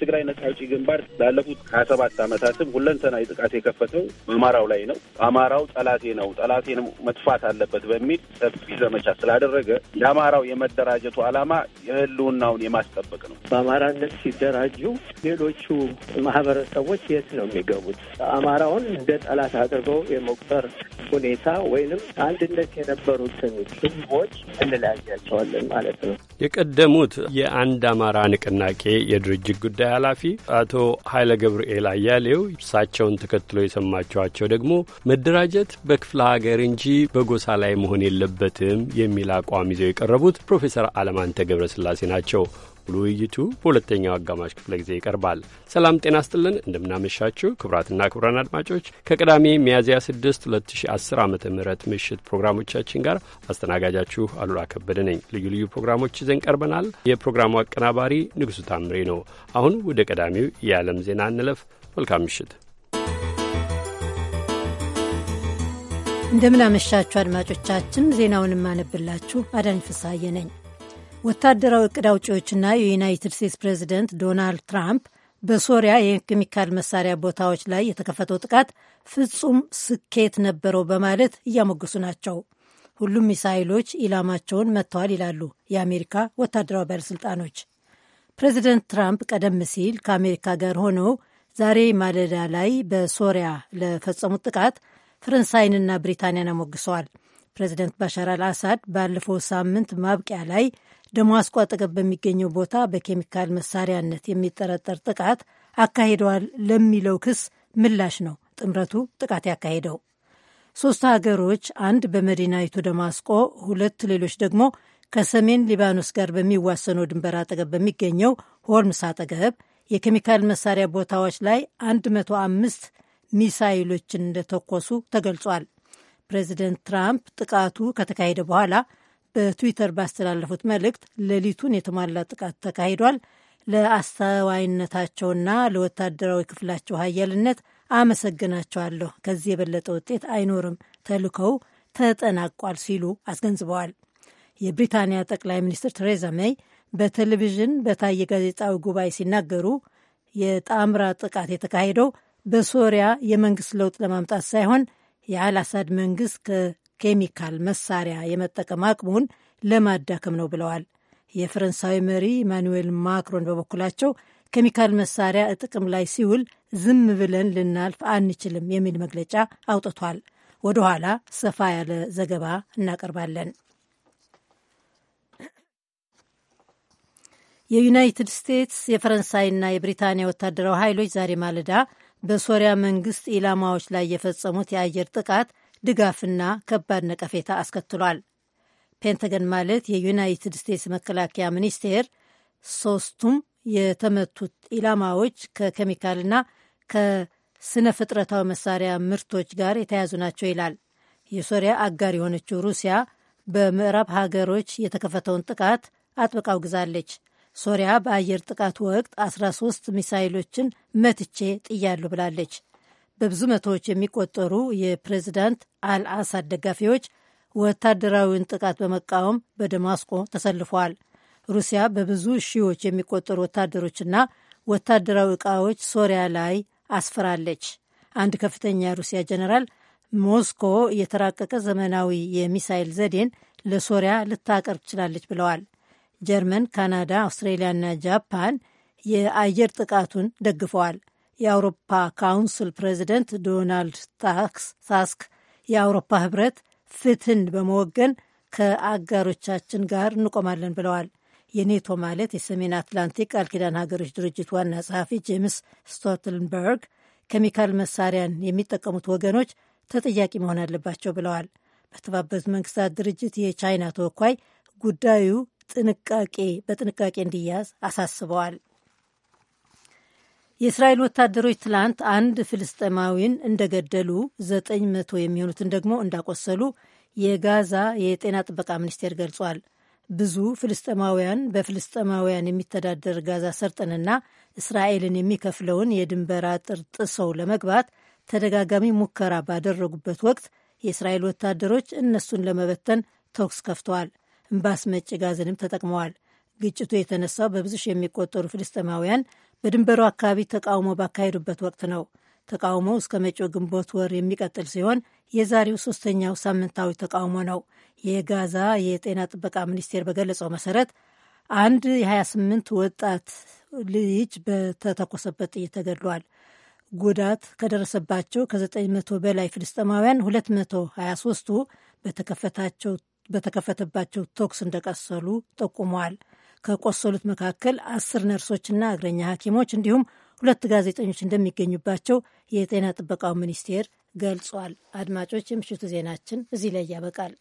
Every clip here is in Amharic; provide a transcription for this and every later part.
የትግራይ ነጻ አውጪ ግንባር ላለፉት ሀያ ሰባት አመታትም ሁለንተናዊ ጥቃት የከፈተው አማራው ላይ ነው። አማራው ጠላቴ ነው፣ ጠላቴን መጥፋት አለበት በሚል ሰፊ ዘመቻ ስላደረገ የአማራው የመደራጀቱ ዓላማ የህልውናውን የማስጠበቅ ነው። በአማራነት ሲደራጁ ሌሎቹ ማህበረሰቦች የት ነው የሚገቡት? አማራውን እንደ ጠላት አድርገው የመቁጠር ሁኔታ ወይንም አንድነት የነበሩትን ህዝቦች እንለያያቸዋለን ማለት ነው። የቀደሙት የአንድ አማራ ንቅናቄ የድርጅት ጉዳይ ጉዳይ ኃላፊ አቶ ኃይለ ገብርኤል አያሌው። እሳቸውን ተከትሎ የሰማችኋቸው ደግሞ መደራጀት በክፍለ ሀገር እንጂ በጎሳ ላይ መሆን የለበትም የሚል አቋም ይዘው የቀረቡት ፕሮፌሰር አለማንተ ገብረስላሴ ናቸው። ውይይቱ በሁለተኛው አጋማሽ ክፍለ ጊዜ ይቀርባል። ሰላም ጤና ስጥልን፣ እንደምናመሻችሁ ክቡራትና ክቡራን አድማጮች ከቅዳሜ ሚያዝያ 6 2010 ዓ ም ምሽት ፕሮግራሞቻችን ጋር አስተናጋጃችሁ አሉላ ከበደ ነኝ። ልዩ ልዩ ፕሮግራሞች ይዘን ቀርበናል። የፕሮግራሙ አቀናባሪ ንጉሡ ታምሬ ነው። አሁን ወደ ቀዳሚው የዓለም ዜና እንለፍ። መልካም ምሽት። እንደምናመሻችሁ አድማጮቻችን፣ ዜናውን የማነብላችሁ አዳኝ ፍሳሐዬ ነኝ። ወታደራዊ እቅድ አውጪዎችና የዩናይትድ ስቴትስ ፕሬዚደንት ዶናልድ ትራምፕ በሶሪያ የኬሚካል መሳሪያ ቦታዎች ላይ የተከፈተው ጥቃት ፍጹም ስኬት ነበረው በማለት እያሞገሱ ናቸው። ሁሉም ሚሳይሎች ኢላማቸውን መጥተዋል ይላሉ የአሜሪካ ወታደራዊ ባለሥልጣኖች። ፕሬዚደንት ትራምፕ ቀደም ሲል ከአሜሪካ ጋር ሆነው ዛሬ ማለዳ ላይ በሶሪያ ለፈጸሙት ጥቃት ፈረንሳይንና ብሪታንያን አሞግሰዋል። ፕሬዚደንት ባሻር አልአሳድ ባለፈው ሳምንት ማብቂያ ላይ ደማስቆ አጠገብ በሚገኘው ቦታ በኬሚካል መሳሪያነት የሚጠረጠር ጥቃት አካሂደዋል ለሚለው ክስ ምላሽ ነው ጥምረቱ ጥቃት ያካሄደው። ሶስት ሀገሮች አንድ በመዲናይቱ ደማስቆ፣ ሁለት ሌሎች ደግሞ ከሰሜን ሊባኖስ ጋር በሚዋሰነው ድንበር አጠገብ በሚገኘው ሆርምስ አጠገብ የኬሚካል መሳሪያ ቦታዎች ላይ 105 ሚሳይሎችን እንደተኮሱ ተገልጿል። ፕሬዚደንት ትራምፕ ጥቃቱ ከተካሄደ በኋላ በትዊተር ባስተላለፉት መልእክት ሌሊቱን የተሟላ ጥቃት ተካሂዷል፣ ለአስተዋይነታቸውና ለወታደራዊ ክፍላቸው ሀያልነት አመሰግናቸዋለሁ፣ ከዚህ የበለጠ ውጤት አይኖርም፣ ተልእኮው ተጠናቋል ሲሉ አስገንዝበዋል። የብሪታንያ ጠቅላይ ሚኒስትር ቴሬዛ ሜይ በቴሌቪዥን በታየ ጋዜጣዊ ጉባኤ ሲናገሩ የጣምራ ጥቃት የተካሄደው በሶሪያ የመንግስት ለውጥ ለማምጣት ሳይሆን የአልአሳድ መንግስት ኬሚካል መሳሪያ የመጠቀም አቅሙን ለማዳከም ነው ብለዋል። የፈረንሳዊ መሪ ኢማኑዌል ማክሮን በበኩላቸው ኬሚካል መሳሪያ ጥቅም ላይ ሲውል ዝም ብለን ልናልፍ አንችልም የሚል መግለጫ አውጥቷል። ወደ ኋላ ሰፋ ያለ ዘገባ እናቀርባለን። የዩናይትድ ስቴትስ የፈረንሳይና የብሪታንያ ወታደራዊ ኃይሎች ዛሬ ማለዳ በሶሪያ መንግስት ኢላማዎች ላይ የፈጸሙት የአየር ጥቃት ድጋፍና ከባድ ነቀፌታ አስከትሏል። ፔንተገን ማለት የዩናይትድ ስቴትስ መከላከያ ሚኒስቴር ሶስቱም የተመቱት ኢላማዎች ከኬሚካልና ከስነ ፍጥረታዊ መሳሪያ ምርቶች ጋር የተያያዙ ናቸው ይላል። የሶሪያ አጋር የሆነችው ሩሲያ በምዕራብ ሀገሮች የተከፈተውን ጥቃት አጥብቃ አውግዛለች። ሶሪያ በአየር ጥቃት ወቅት 13 ሚሳይሎችን መትቼ ጥያሉ ብላለች። በብዙ መቶዎች የሚቆጠሩ የፕሬዚዳንት አልአሳድ ደጋፊዎች ወታደራዊውን ጥቃት በመቃወም በደማስቆ ተሰልፈዋል። ሩሲያ በብዙ ሺዎች የሚቆጠሩ ወታደሮችና ወታደራዊ ዕቃዎች ሶሪያ ላይ አስፈራለች። አንድ ከፍተኛ የሩሲያ ጀነራል ሞስኮ የተራቀቀ ዘመናዊ የሚሳይል ዘዴን ለሶሪያ ልታቀርብ ትችላለች ብለዋል። ጀርመን፣ ካናዳ፣ አውስትሬሊያና ጃፓን የአየር ጥቃቱን ደግፈዋል። የአውሮፓ ካውንስል ፕሬዚደንት ዶናልድ ታስክ የአውሮፓ ህብረት ፍትህን በመወገን ከአጋሮቻችን ጋር እንቆማለን ብለዋል። የኔቶ ማለት የሰሜን አትላንቲክ ቃል ኪዳን ሀገሮች ድርጅት ዋና ጸሐፊ ጄምስ ስቶልተንበርግ ኬሚካል መሳሪያን የሚጠቀሙት ወገኖች ተጠያቂ መሆን አለባቸው ብለዋል። በተባበሩት መንግስታት ድርጅት የቻይና ተወካይ ጉዳዩ ጥንቃቄ በጥንቃቄ እንዲያዝ አሳስበዋል። የእስራኤል ወታደሮች ትላንት አንድ ፍልስጤማዊን እንደገደሉ፣ ዘጠኝ መቶ የሚሆኑትን ደግሞ እንዳቆሰሉ የጋዛ የጤና ጥበቃ ሚኒስቴር ገልጿል። ብዙ ፍልስጤማውያን በፍልስጤማውያን የሚተዳደር ጋዛ ሰርጥንና እስራኤልን የሚከፍለውን የድንበር አጥር ጥሰው ለመግባት ተደጋጋሚ ሙከራ ባደረጉበት ወቅት የእስራኤል ወታደሮች እነሱን ለመበተን ተኩስ ከፍተዋል። እምባስ መጭ ጋዝንም ተጠቅመዋል። ግጭቱ የተነሳው በብዙ ሺህ የሚቆጠሩ ፍልስጤማውያን በድንበሩ አካባቢ ተቃውሞ ባካሄዱበት ወቅት ነው። ተቃውሞው እስከ መጪው ግንቦት ወር የሚቀጥል ሲሆን የዛሬው ሶስተኛው ሳምንታዊ ተቃውሞ ነው። የጋዛ የጤና ጥበቃ ሚኒስቴር በገለጸው መሰረት አንድ የ28 ወጣት ልጅ በተተኮሰበት ጥይት ተገድሏል። ጉዳት ከደረሰባቸው ከ900 በላይ ፍልስጤማውያን 223ቱ በተከፈተባቸው ተኩስ እንደቀሰሉ ጠቁመዋል። ከቆሰሉት መካከል አስር ነርሶችና እግረኛ ሐኪሞች እንዲሁም ሁለት ጋዜጠኞች እንደሚገኙባቸው የጤና ጥበቃው ሚኒስቴር ገልጿል። አድማጮች፣ የምሽቱ ዜናችን እዚህ ላይ ያበቃል።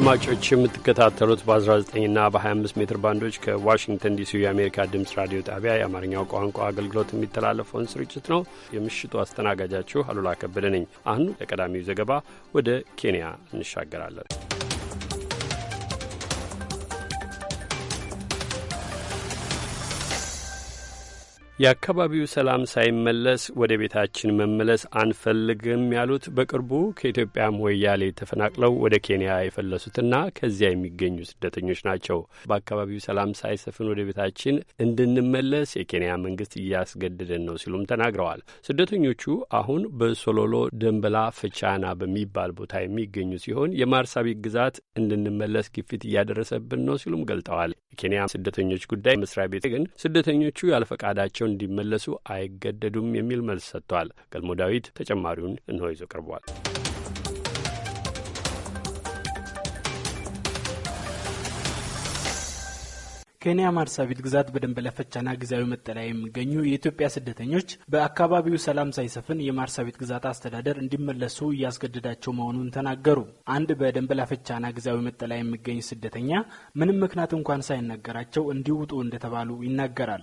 አድማጮች የምትከታተሉት በ19ና በ25 ሜትር ባንዶች ከዋሽንግተን ዲሲ የአሜሪካ ድምፅ ራዲዮ ጣቢያ የአማርኛው ቋንቋ አገልግሎት የሚተላለፈውን ስርጭት ነው። የምሽቱ አስተናጋጃችሁ አሉላ ከበደ ነኝ። አሁን ለቀዳሚው ዘገባ ወደ ኬንያ እንሻገራለን። የአካባቢው ሰላም ሳይመለስ ወደ ቤታችን መመለስ አንፈልግም ያሉት በቅርቡ ከኢትዮጵያ ሞያሌ ተፈናቅለው ወደ ኬንያ የፈለሱትና ከዚያ የሚገኙ ስደተኞች ናቸው። በአካባቢው ሰላም ሳይሰፍን ወደ ቤታችን እንድንመለስ የኬንያ መንግስት እያስገደደን ነው ሲሉም ተናግረዋል። ስደተኞቹ አሁን በሶሎሎ ደንበላ ፍቻና በሚባል ቦታ የሚገኙ ሲሆን የማርሳቢት ግዛት እንድንመለስ ግፊት እያደረሰብን ነው ሲሉም ገልጠዋል። የኬንያ ስደተኞች ጉዳይ መስሪያ ቤት ግን ስደተኞቹ ያለፈቃዳቸው እንዲመለሱ አይገደዱም የሚል መልስ ሰጥቷል። ገልሞ ዳዊት ተጨማሪውን እንሆ ይዞ ቀርቧል። ኬንያ ማርሳቢት ግዛት በደንብ ለፈቻና ጊዜያዊ መጠለያ የሚገኙ የኢትዮጵያ ስደተኞች በአካባቢው ሰላም ሳይሰፍን የማርሳቢት ግዛት አስተዳደር እንዲመለሱ እያስገደዳቸው መሆኑን ተናገሩ። አንድ በደንብ ለፈቻና ጊዜያዊ መጠለያ የሚገኝ ስደተኛ ምንም ምክንያት እንኳን ሳይነገራቸው እንዲውጡ እንደተባሉ ይናገራል።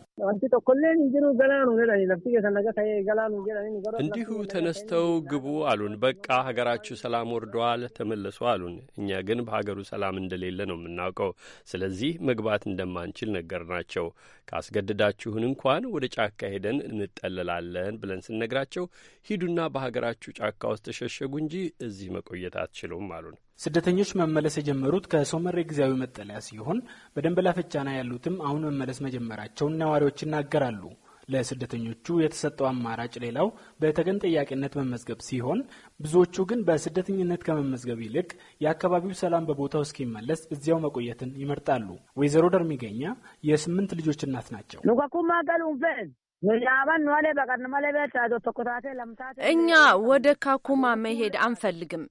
እንዲሁ ተነስተው ግቡ አሉን። በቃ ሀገራችሁ ሰላም ወርደዋል ተመለሱ አሉን። እኛ ግን በሀገሩ ሰላም እንደሌለ ነው የምናውቀው። ስለዚህ መግባት እንደማ እንደማንችል ነገር ናቸው። ካስገድዳችሁን እንኳን ወደ ጫካ ሄደን እንጠለላለን ብለን ስንነግራቸው ሂዱና በሀገራችሁ ጫካ ውስጥ ተሸሸጉ እንጂ እዚህ መቆየት አትችሉም አሉን። ስደተኞች መመለስ የጀመሩት ከሶመሬ ጊዜያዊ መጠለያ ሲሆን በደንበላ ፈጫና ያሉትም አሁን መመለስ መጀመራቸውን ነዋሪዎች ይናገራሉ። ለስደተኞቹ የተሰጠው አማራጭ ሌላው በተገን ጠያቂነት መመዝገብ ሲሆን ብዙዎቹ ግን በስደተኝነት ከመመዝገብ ይልቅ የአካባቢው ሰላም በቦታው እስኪመለስ እዚያው መቆየትን ይመርጣሉ። ወይዘሮ ደርሚገኛ የስምንት ልጆች እናት ናቸው። እኛ ወደ ካኩማ መሄድ አንፈልግም።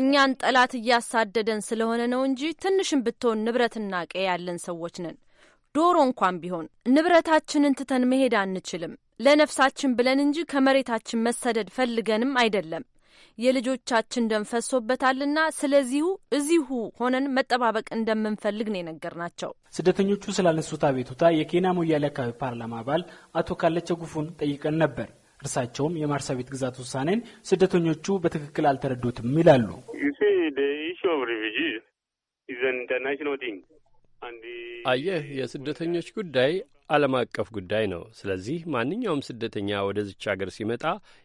እኛን ጠላት እያሳደደን ስለሆነ ነው እንጂ ትንሽም ብትሆን ንብረትና ቀ ያለን ሰዎች ነን። ዶሮ እንኳን ቢሆን ንብረታችንን ትተን መሄድ አንችልም። ለነፍሳችን ብለን እንጂ ከመሬታችን መሰደድ ፈልገንም አይደለም። የልጆቻችን ደም ፈሶበታልና ስለዚሁ እዚሁ ሆነን መጠባበቅ እንደምንፈልግ ነው ናቸው ስደተኞቹ ስላነሱት አቤቱታ የኬንያ ሞያሌ አካባቢ ፓርላማ አባል አቶ ካለቸ ጉፉን ጠይቀን ነበር። እርሳቸውም የማርሳቤት ግዛት ውሳኔን ስደተኞቹ በትክክል አልተረዱትም ይላሉ። አየህ፣ የስደተኞች ጉዳይ ዓለም አቀፍ ጉዳይ ነው። ስለዚህ ማንኛውም ስደተኛ ወደዚች አገር ሲመጣ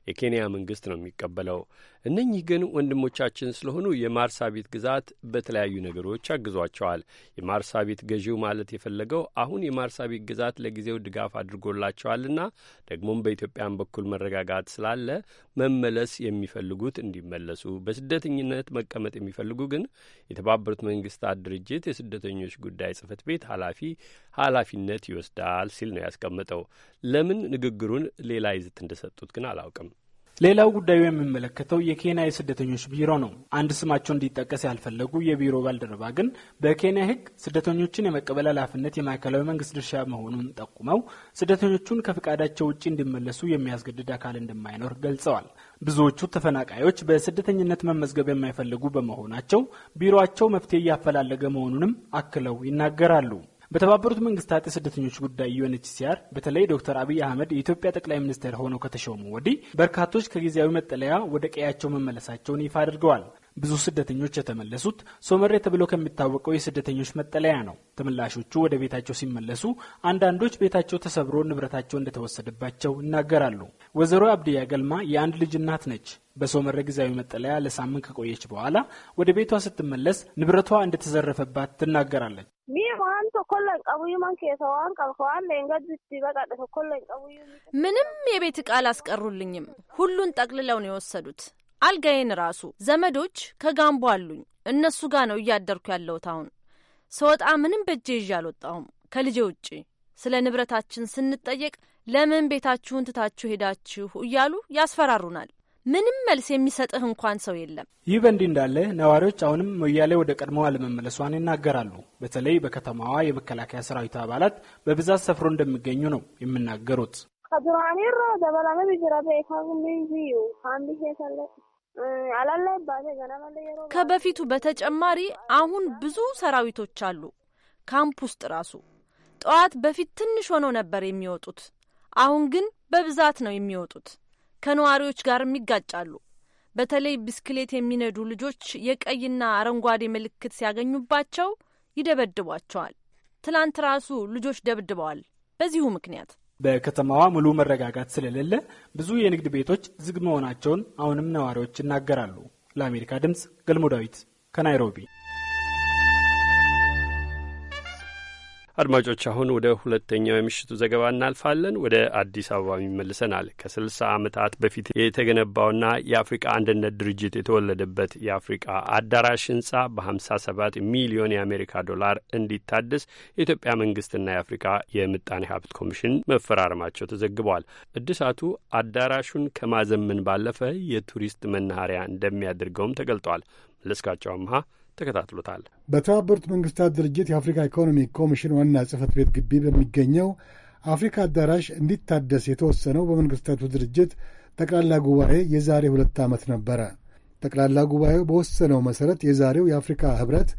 የኬንያ መንግስት ነው የሚቀበለው። እነኚህ ግን ወንድሞቻችን ስለሆኑ የማርሳቢት ግዛት በተለያዩ ነገሮች አግዟቸዋል። የማርሳቢት ገዢው ማለት የፈለገው አሁን የማርሳቢት ግዛት ለጊዜው ድጋፍ አድርጎላቸዋልና ደግሞም በኢትዮጵያን በኩል መረጋጋት ስላለ መመለስ የሚፈልጉት እንዲመለሱ፣ በስደተኝነት መቀመጥ የሚፈልጉ ግን የተባበሩት መንግስታት ድርጅት የስደተኞች ጉዳይ ጽህፈት ቤት ኃላፊ ኃላፊነት ይወስዳል ሲል ነው ያስቀመጠው። ለምን ንግግሩን ሌላ ይዘት እንደሰጡት ግን አላውቅም። ሌላው ጉዳዩ የሚመለከተው የኬንያ የስደተኞች ቢሮ ነው። አንድ ስማቸው እንዲጠቀስ ያልፈለጉ የቢሮ ባልደረባ ግን በኬንያ ሕግ ስደተኞችን የመቀበል ኃላፊነት የማዕከላዊ መንግስት ድርሻ መሆኑን ጠቁመው ስደተኞቹን ከፍቃዳቸው ውጭ እንዲመለሱ የሚያስገድድ አካል እንደማይኖር ገልጸዋል። ብዙዎቹ ተፈናቃዮች በስደተኝነት መመዝገብ የማይፈልጉ በመሆናቸው ቢሮቸው መፍትሄ እያፈላለገ መሆኑንም አክለው ይናገራሉ። በተባበሩት መንግስታት የስደተኞች ጉዳይ ዩኤንኤችሲአር በተለይ ዶክተር አብይ አህመድ የኢትዮጵያ ጠቅላይ ሚኒስትር ሆነው ከተሾሙ ወዲህ በርካቶች ከጊዜያዊ መጠለያ ወደ ቀያቸው መመለሳቸውን ይፋ አድርገዋል። ብዙ ስደተኞች የተመለሱት ሶመሬ ተብሎ ከሚታወቀው የስደተኞች መጠለያ ነው። ተመላሾቹ ወደ ቤታቸው ሲመለሱ አንዳንዶች ቤታቸው ተሰብሮ ንብረታቸው እንደተወሰደባቸው ይናገራሉ። ወይዘሮ አብድያ ገልማ የአንድ ልጅ እናት ነች። በሶመሬ ጊዜያዊ መጠለያ ለሳምንት ከቆየች በኋላ ወደ ቤቷ ስትመለስ ንብረቷ እንደተዘረፈባት ትናገራለች። ምንም የቤት ዕቃ አላስቀሩልኝም። ሁሉን ጠቅልለው ነው የወሰዱት። አልጋዬን ራሱ ዘመዶች ከጋንቦ አሉኝ። እነሱ ጋር ነው እያደርኩ ያለሁት። አሁን ስወጣ ምንም በእጄ ይዤ አልወጣሁም ከልጄ ውጪ። ስለ ንብረታችን ስንጠየቅ ለምን ቤታችሁን ትታችሁ ሄዳችሁ እያሉ ያስፈራሩናል። ምንም መልስ የሚሰጥህ እንኳን ሰው የለም። ይህ በእንዲህ እንዳለ ነዋሪዎች አሁንም ሞያሌ ወደ ቀድሞዋ አለመመለሷን ይናገራሉ። በተለይ በከተማዋ የመከላከያ ሰራዊት አባላት በብዛት ሰፍሮ እንደሚገኙ ነው የሚናገሩት። ከበፊቱ በተጨማሪ አሁን ብዙ ሰራዊቶች አሉ። ካምፕ ውስጥ ራሱ ጠዋት በፊት ትንሽ ሆነው ነበር የሚወጡት። አሁን ግን በብዛት ነው የሚወጡት። ከነዋሪዎች ጋርም ይጋጫሉ። በተለይ ብስክሌት የሚነዱ ልጆች የቀይና አረንጓዴ ምልክት ሲያገኙባቸው ይደበድቧቸዋል። ትላንት ራሱ ልጆች ደብድበዋል በዚሁ ምክንያት። በከተማዋ ሙሉ መረጋጋት ስለሌለ ብዙ የንግድ ቤቶች ዝግ መሆናቸውን አሁንም ነዋሪዎች ይናገራሉ። ለአሜሪካ ድምፅ ገልሞ ዳዊት ከናይሮቢ አድማጮች አሁን ወደ ሁለተኛው የምሽቱ ዘገባ እናልፋለን። ወደ አዲስ አበባም ይመልሰናል። ከስልሳ ዓመታት በፊት የተገነባውና የአፍሪቃ አንድነት ድርጅት የተወለደበት የአፍሪቃ አዳራሽ ህንጻ በ57 ሚሊዮን የአሜሪካ ዶላር እንዲታደስ የኢትዮጵያ መንግስትና የአፍሪቃ የምጣኔ ሀብት ኮሚሽን መፈራረማቸው ተዘግቧል። እድሳቱ አዳራሹን ከማዘመን ባለፈ የቱሪስት መናኸሪያ እንደሚያደርገውም ተገልጧል። መለስካቸው አምሃ ተከታትሎታል። በተባበሩት መንግስታት ድርጅት የአፍሪካ ኢኮኖሚ ኮሚሽን ዋና ጽህፈት ቤት ግቢ በሚገኘው አፍሪካ አዳራሽ እንዲታደስ የተወሰነው በመንግስታቱ ድርጅት ጠቅላላ ጉባኤ የዛሬ ሁለት ዓመት ነበረ። ጠቅላላ ጉባኤው በወሰነው መሠረት የዛሬው የአፍሪካ ኅብረት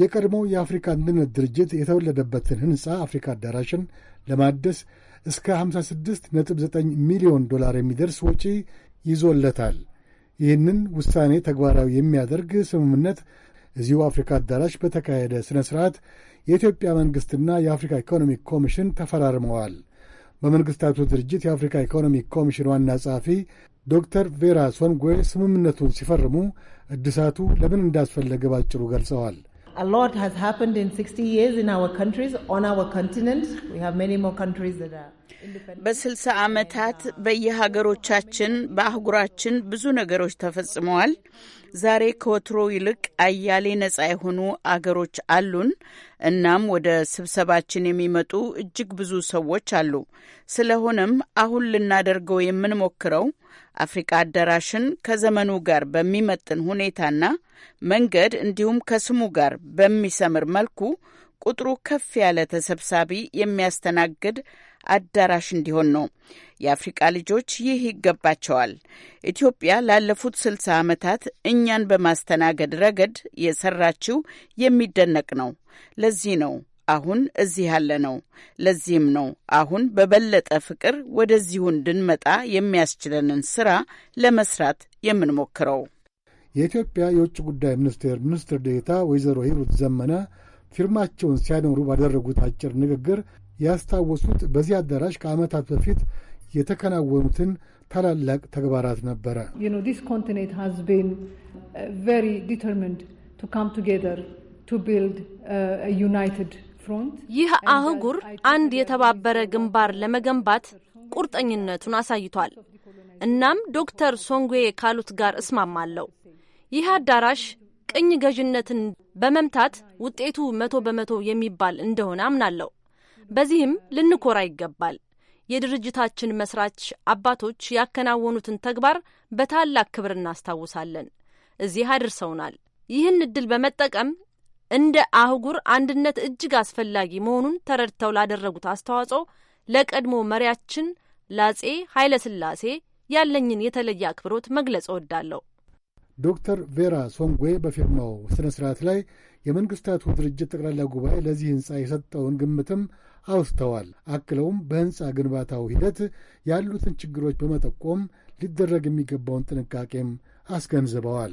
የቀድሞው የአፍሪካ አንድነት ድርጅት የተወለደበትን ሕንፃ አፍሪካ አዳራሽን ለማደስ እስከ 56.9 ሚሊዮን ዶላር የሚደርስ ወጪ ይዞለታል። ይህንን ውሳኔ ተግባራዊ የሚያደርግ ስምምነት እዚሁ አፍሪካ አዳራሽ በተካሄደ ሥነ ሥርዓት የኢትዮጵያ መንግሥትና የአፍሪካ ኢኮኖሚክ ኮሚሽን ተፈራርመዋል። በመንግሥታቱ ድርጅት የአፍሪካ ኢኮኖሚክ ኮሚሽን ዋና ጸሐፊ ዶክተር ቬራ ሶንጎዌ ስምምነቱን ሲፈርሙ እድሳቱ ለምን እንዳስፈለገ ባጭሩ ገልጸዋል። በስልሳ ዓመታት በየሀገሮቻችን በአህጉራችን ብዙ ነገሮች ተፈጽመዋል። ዛሬ ከወትሮ ይልቅ አያሌ ነጻ የሆኑ አገሮች አሉን። እናም ወደ ስብሰባችን የሚመጡ እጅግ ብዙ ሰዎች አሉ። ስለሆነም አሁን ልናደርገው የምንሞክረው አፍሪቃ አዳራሽን ከዘመኑ ጋር በሚመጥን ሁኔታና መንገድ እንዲሁም ከስሙ ጋር በሚሰምር መልኩ ቁጥሩ ከፍ ያለ ተሰብሳቢ የሚያስተናግድ አዳራሽ እንዲሆን ነው። የአፍሪቃ ልጆች ይህ ይገባቸዋል። ኢትዮጵያ ላለፉት ስልሳ ዓመታት እኛን በማስተናገድ ረገድ የሰራችው የሚደነቅ ነው። ለዚህ ነው አሁን እዚህ ያለ ነው። ለዚህም ነው አሁን በበለጠ ፍቅር ወደዚሁ እንድንመጣ የሚያስችለንን ስራ ለመስራት የምንሞክረው። የኢትዮጵያ የውጭ ጉዳይ ሚኒስቴር ሚኒስትር ዴታ ወይዘሮ ሂሩት ዘመነ ፊርማቸውን ሲያኖሩ ባደረጉት አጭር ንግግር ያስታወሱት በዚህ አዳራሽ ከዓመታት በፊት የተከናወኑትን ታላላቅ ተግባራት ነበረ። uh, uh, ይህ አህጉር አንድ የተባበረ ግንባር ለመገንባት ቁርጠኝነቱን አሳይቷል። እናም ዶክተር ሶንጉዌ ካሉት ጋር እስማማለሁ። ይህ አዳራሽ ቅኝ ገዥነትን በመምታት ውጤቱ መቶ በመቶ የሚባል እንደሆነ አምናለሁ። በዚህም ልንኮራ ይገባል። የድርጅታችን መስራች አባቶች ያከናወኑትን ተግባር በታላቅ ክብር እናስታውሳለን። እዚህ አድርሰውናል። ይህን እድል በመጠቀም እንደ አህጉር አንድነት እጅግ አስፈላጊ መሆኑን ተረድተው ላደረጉት አስተዋጽኦ ለቀድሞ መሪያችን ላጼ ኃይለ ሥላሴ ያለኝን የተለየ አክብሮት መግለጽ እወዳለሁ። ዶክተር ቬራ ሶንጎ በፊርማው ሥነ ሥርዓት ላይ የመንግሥታቱ ድርጅት ጠቅላላ ጉባኤ ለዚህ ሕንፃ የሰጠውን ግምትም አውስተዋል። አክለውም በሕንፃ ግንባታው ሂደት ያሉትን ችግሮች በመጠቆም ሊደረግ የሚገባውን ጥንቃቄም አስገንዝበዋል።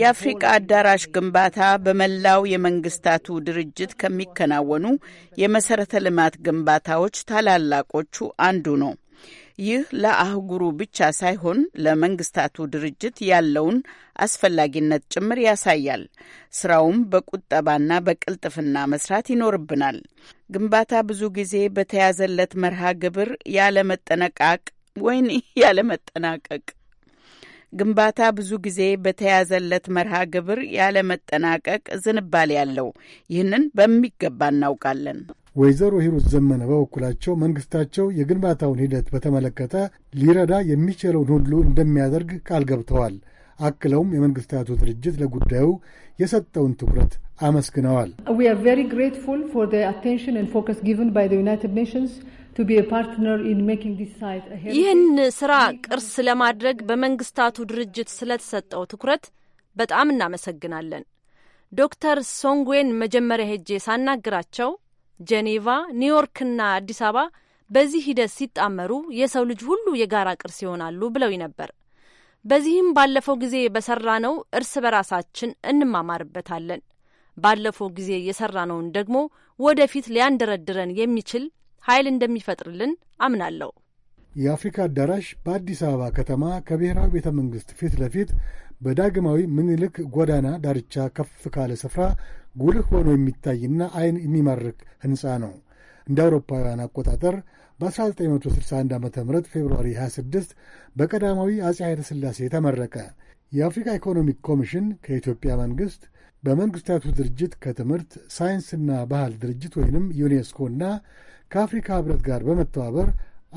የአፍሪቃ አዳራሽ ግንባታ በመላው የመንግስታቱ ድርጅት ከሚከናወኑ የመሰረተ ልማት ግንባታዎች ታላላቆቹ አንዱ ነው። ይህ ለአህጉሩ ብቻ ሳይሆን ለመንግስታቱ ድርጅት ያለውን አስፈላጊነት ጭምር ያሳያል። ስራውም በቁጠባና በቅልጥፍና መስራት ይኖርብናል። ግንባታ ብዙ ጊዜ በተያዘለት መርሃ ግብር ያለመጠነቃቅ ወይን ያለመጠናቀቅ ግንባታ ብዙ ጊዜ በተያዘለት መርሃ ግብር ያለመጠናቀቅ ዝንባሌ ያለው ይህንን በሚገባ እናውቃለን። ወይዘሮ ሂሩት ዘመነ በበኩላቸው መንግሥታቸው የግንባታውን ሂደት በተመለከተ ሊረዳ የሚችለውን ሁሉ እንደሚያደርግ ቃል ገብተዋል። አክለውም የመንግሥታቱ ድርጅት ለጉዳዩ የሰጠውን ትኩረት አመስግነዋል። ይህን ስራ ቅርስ ለማድረግ በመንግሥታቱ ድርጅት ስለተሰጠው ትኩረት በጣም እናመሰግናለን። ዶክተር ሶንግዌን መጀመሪያ ሄጄ ሳናግራቸው ጄኔቫ፣ ኒውዮርክና አዲስ አበባ በዚህ ሂደት ሲጣመሩ የሰው ልጅ ሁሉ የጋራ ቅርስ ይሆናሉ ብለው ነበር። በዚህም ባለፈው ጊዜ በሰራነው እርስ በራሳችን እንማማርበታለን። ባለፈው ጊዜ የሰራነውን ደግሞ ወደፊት ሊያንደረድረን የሚችል ኃይል እንደሚፈጥርልን አምናለሁ። የአፍሪካ አዳራሽ በአዲስ አበባ ከተማ ከብሔራዊ ቤተ መንግሥት ፊት ለፊት በዳግማዊ ምኒልክ ጎዳና ዳርቻ ከፍ ካለ ስፍራ ጉልህ ሆኖ የሚታይና አይን የሚማርክ ህንፃ ነው። እንደ አውሮፓውያን አቆጣጠር በ1961 ዓ ም ፌብርዋሪ 26 በቀዳማዊ አጼ ኃይለሥላሴ ተመረቀ። የአፍሪካ ኢኮኖሚክ ኮሚሽን ከኢትዮጵያ መንግሥት በመንግሥታቱ ድርጅት ከትምህርት ሳይንስና ባህል ድርጅት ወይንም እና ከአፍሪካ ኅብረት ጋር በመተባበር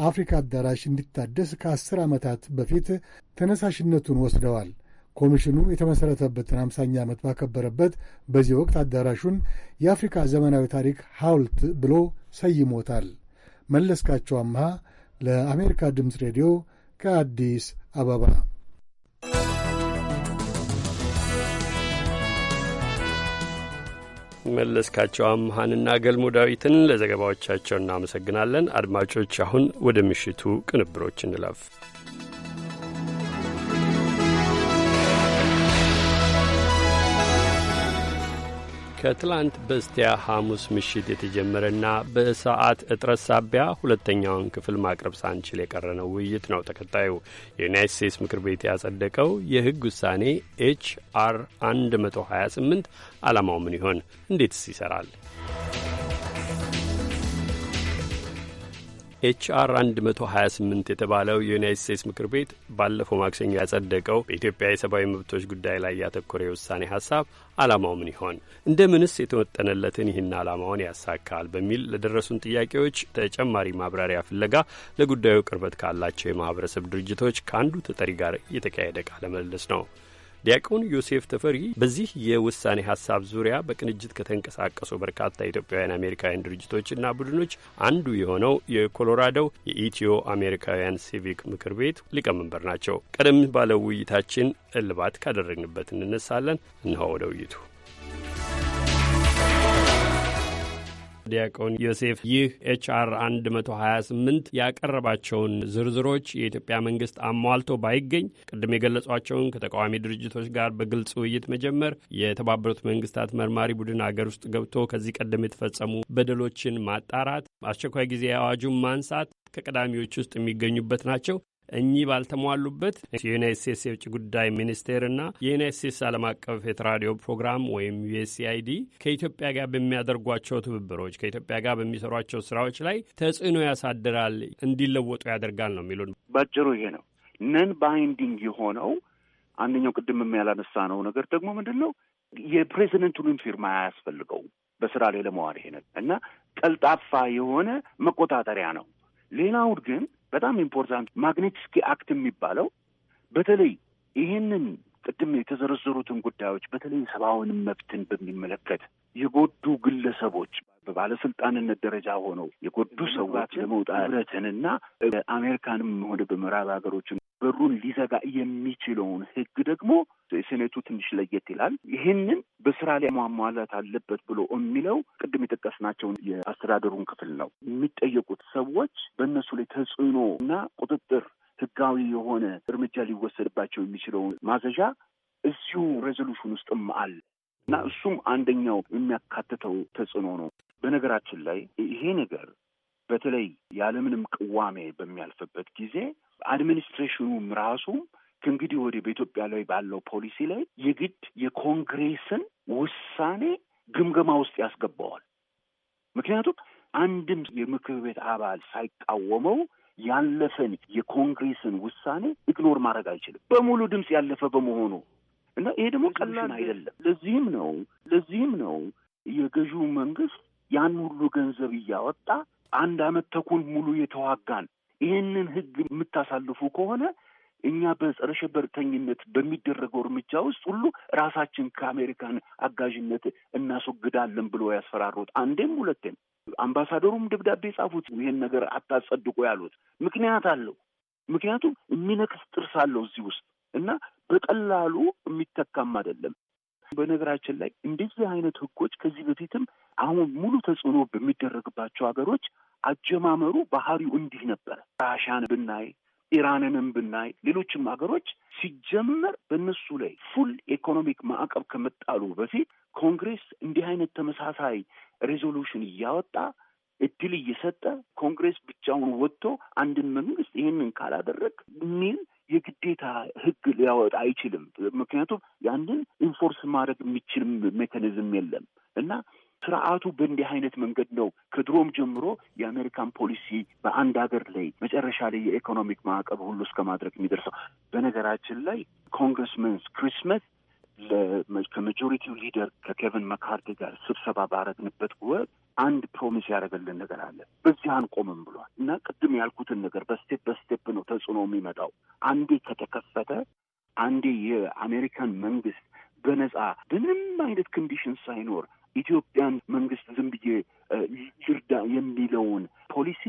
አፍሪካ አዳራሽ እንዲታደስ ከአስር ዓመታት በፊት ተነሳሽነቱን ወስደዋል። ኮሚሽኑ የተመሠረተበትን አምሳኛ ዓመት ባከበረበት በዚህ ወቅት አዳራሹን የአፍሪካ ዘመናዊ ታሪክ ሐውልት ብሎ ሰይሞታል። መለስካቸው አምሃ ለአሜሪካ ድምፅ ሬዲዮ ከአዲስ አበባ መለስካቸው አምሃንና ገልሞ ዳዊትን ለዘገባዎቻቸው እናመሰግናለን። አድማጮች፣ አሁን ወደ ምሽቱ ቅንብሮች እንለፍ። ከትላንት በስቲያ ሐሙስ ምሽት የተጀመረና በሰዓት እጥረት ሳቢያ ሁለተኛውን ክፍል ማቅረብ ሳንችል የቀረነው ውይይት ነው። ተከታዩ የዩናይት ስቴትስ ምክር ቤት ያጸደቀው የሕግ ውሳኔ ኤች አር 128 ዓላማው ምን ይሆን? እንዴትስ ይሰራል? ኤችአር 128 የተባለው የዩናይት ስቴትስ ምክር ቤት ባለፈው ማክሰኞ ያጸደቀው በኢትዮጵያ የሰብአዊ መብቶች ጉዳይ ላይ ያተኮረ የውሳኔ ሀሳብ ዓላማው ምን ይሆን? እንደምንስ የተወጠነለትን ይህን ዓላማውን ያሳካል? በሚል ለደረሱን ጥያቄዎች ተጨማሪ ማብራሪያ ፍለጋ ለጉዳዩ ቅርበት ካላቸው የማህበረሰብ ድርጅቶች ከአንዱ ተጠሪ ጋር የተካሄደ ቃለ ምልልስ ነው። ዲያቆን ዮሴፍ ተፈሪ በዚህ የውሳኔ ሀሳብ ዙሪያ በቅንጅት ከተንቀሳቀሱ በርካታ ኢትዮጵያውያን አሜሪካውያን ድርጅቶችና ቡድኖች አንዱ የሆነው የኮሎራዶው የኢትዮ አሜሪካውያን ሲቪክ ምክር ቤት ሊቀመንበር ናቸው። ቀደም ባለው ውይይታችን እልባት ካደረግንበት እንነሳለን። እንሆ ወደ ውይይቱ ዲያቆን ዮሴፍ ይህ ኤች አር 128 ያቀረባቸውን ዝርዝሮች የኢትዮጵያ መንግስት አሟልቶ ባይገኝ ቅድም የገለጿቸውን ከተቃዋሚ ድርጅቶች ጋር በግልጽ ውይይት መጀመር፣ የተባበሩት መንግስታት መርማሪ ቡድን አገር ውስጥ ገብቶ ከዚህ ቀደም የተፈጸሙ በደሎችን ማጣራት፣ አስቸኳይ ጊዜ አዋጁን ማንሳት ከቀዳሚዎች ውስጥ የሚገኙበት ናቸው። እኚህ ባልተሟሉበት የዩናይት ስቴትስ የውጭ ጉዳይ ሚኒስቴርና የዩናይት ስቴትስ ዓለም አቀፍ የተራዲዮ ፕሮግራም ወይም ዩኤስኤአይዲ ከኢትዮጵያ ጋር በሚያደርጓቸው ትብብሮች ከኢትዮጵያ ጋር በሚሰሯቸው ስራዎች ላይ ተጽዕኖ ያሳድራል፣ እንዲለወጡ ያደርጋል ነው የሚሉን። ባጭሩ ይሄ ነው። ነን ባይንዲንግ የሆነው አንደኛው ቅድም ያላነሳ ነው ነገር ደግሞ ምንድን ነው የፕሬዚደንቱንም ፊርማ አያስፈልገውም በስራ ላይ ለመዋል ይሄ ነገር እና ቀልጣፋ የሆነ መቆጣጠሪያ ነው። ሌላው ግን በጣም ኢምፖርታንት ማግኔትስኪ አክት የሚባለው በተለይ ይህንን ቅድም የተዘረዘሩትን ጉዳዮች በተለይ ሰብአዊን መብትን በሚመለከት የጎዱ ግለሰቦች በባለስልጣንነት ደረጃ ሆነው የጎዱ ሰዎች ለመውጣት ህብረትንና አሜሪካንም ሆነ በምዕራብ ሀገሮችን በሩን ሊዘጋ የሚችለውን ህግ ደግሞ ሴኔቱ ትንሽ ለየት ይላል። ይህንን በስራ ላይ ማሟላት አለበት ብሎ የሚለው ቅድም የጠቀስናቸውን የአስተዳደሩን ክፍል ነው። የሚጠየቁት ሰዎች በእነሱ ላይ ተጽዕኖ እና ቁጥጥር ህጋዊ የሆነ እርምጃ ሊወሰድባቸው የሚችለውን ማዘዣ እዚሁ ሬዞሉሽን ውስጥም አለ እና እሱም አንደኛው የሚያካትተው ተጽዕኖ ነው። በነገራችን ላይ ይሄ ነገር በተለይ ያለምንም ቅዋሜ በሚያልፍበት ጊዜ አድሚኒስትሬሽኑም ራሱ ከእንግዲህ ወዲህ በኢትዮጵያ ላይ ባለው ፖሊሲ ላይ የግድ የኮንግሬስን ውሳኔ ግምገማ ውስጥ ያስገባዋል። ምክንያቱም አንድም የምክር ቤት አባል ሳይቃወመው ያለፈን የኮንግሬስን ውሳኔ ኢግኖር ማድረግ አይችልም በሙሉ ድምፅ ያለፈ በመሆኑ እና ይሄ ደግሞ ቀላል አይደለም። ለዚህም ነው ለዚህም ነው የገዢው መንግስት ያን ሁሉ ገንዘብ እያወጣ አንድ አመት ተኩል ሙሉ የተዋጋን ይህንን ህግ የምታሳልፉ ከሆነ እኛ በጸረ ሸበርተኝነት በሚደረገው እርምጃ ውስጥ ሁሉ ራሳችን ከአሜሪካን አጋዥነት እናስወግዳለን ብሎ ያስፈራሩት አንዴም ሁለቴም። አምባሳደሩም ደብዳቤ ጻፉት። ይህን ነገር አታጸድቁ ያሉት ምክንያት አለው። ምክንያቱም የሚነክስ ጥርስ አለው እዚህ ውስጥ እና በቀላሉ የሚተካም አይደለም። በነገራችን ላይ እንደዚህ አይነት ህጎች ከዚህ በፊትም አሁን ሙሉ ተጽዕኖ በሚደረግባቸው ሀገሮች አጀማመሩ ባህሪው እንዲህ ነበር። ራሻን ብናይ ኢራንንም ብናይ ሌሎችም ሀገሮች ሲጀመር በእነሱ ላይ ፉል ኢኮኖሚክ ማዕቀብ ከመጣሉ በፊት ኮንግሬስ እንዲህ አይነት ተመሳሳይ ሬዞሉሽን እያወጣ እድል እየሰጠ ኮንግሬስ ብቻውን ወጥቶ አንድን መንግስት ይህንን ካላደረግ ሚል የግዴታ ህግ ሊያወጣ አይችልም። ምክንያቱም ያንን ኢንፎርስ ማድረግ የሚችልም ሜካኒዝም የለም እና ስርዓቱ በእንዲህ አይነት መንገድ ነው ከድሮም ጀምሮ የአሜሪካን ፖሊሲ በአንድ ሀገር ላይ መጨረሻ ላይ የኢኮኖሚክ ማዕቀብ ሁሉ እስከ ማድረግ የሚደርሰው። በነገራችን ላይ ኮንግረስመንስ ክሪስመስ ከመጆሪቲው ሊደር ከኬቨን መካርቲ ጋር ስብሰባ ባረግንበት ወቅት አንድ ፕሮሚስ ያደረገልን ነገር አለ። በዚህ አንቆምም ብሏል እና ቅድም ያልኩትን ነገር በስቴፕ በስቴፕ ነው ተጽዕኖ የሚመጣው። አንዴ ከተከፈተ አንዴ የአሜሪካን መንግስት በነጻ ምንም አይነት ኮንዲሽን ሳይኖር ኢትዮጵያን መንግስት ዝም ብዬ ልርዳ የሚለውን ፖሊሲ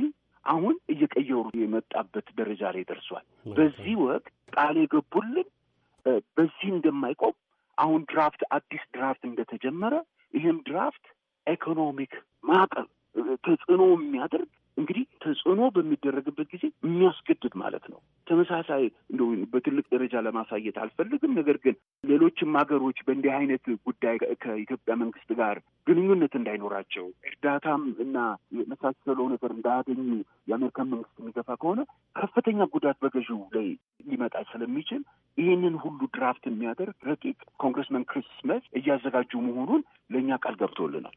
አሁን እየቀየሩ የመጣበት ደረጃ ላይ ደርሷል። በዚህ ወቅት ቃል የገቡልን በዚህ እንደማይቆም አሁን ድራፍት አዲስ ድራፍት እንደተጀመረ ይህም ድራፍት ኢኮኖሚክ ማዕቀብ ተጽዕኖ የሚያደርግ እንግዲህ ተጽዕኖ በሚደረግበት ጊዜ የሚያስገድድ ማለት ነው። ተመሳሳይ እንደ በትልቅ ደረጃ ለማሳየት አልፈልግም። ነገር ግን ሌሎችም ሀገሮች በእንዲህ አይነት ጉዳይ ከኢትዮጵያ መንግስት ጋር ግንኙነት እንዳይኖራቸው እርዳታም እና የመሳሰለው ነገር እንዳያገኙ የአሜሪካን መንግስት የሚገፋ ከሆነ ከፍተኛ ጉዳት በገዢው ላይ ሊመጣ ስለሚችል ይህንን ሁሉ ድራፍት የሚያደርግ ረቂቅ ኮንግረስመን ክሪስ ስሚዝ እያዘጋጁ መሆኑን ለእኛ ቃል ገብቶልናል።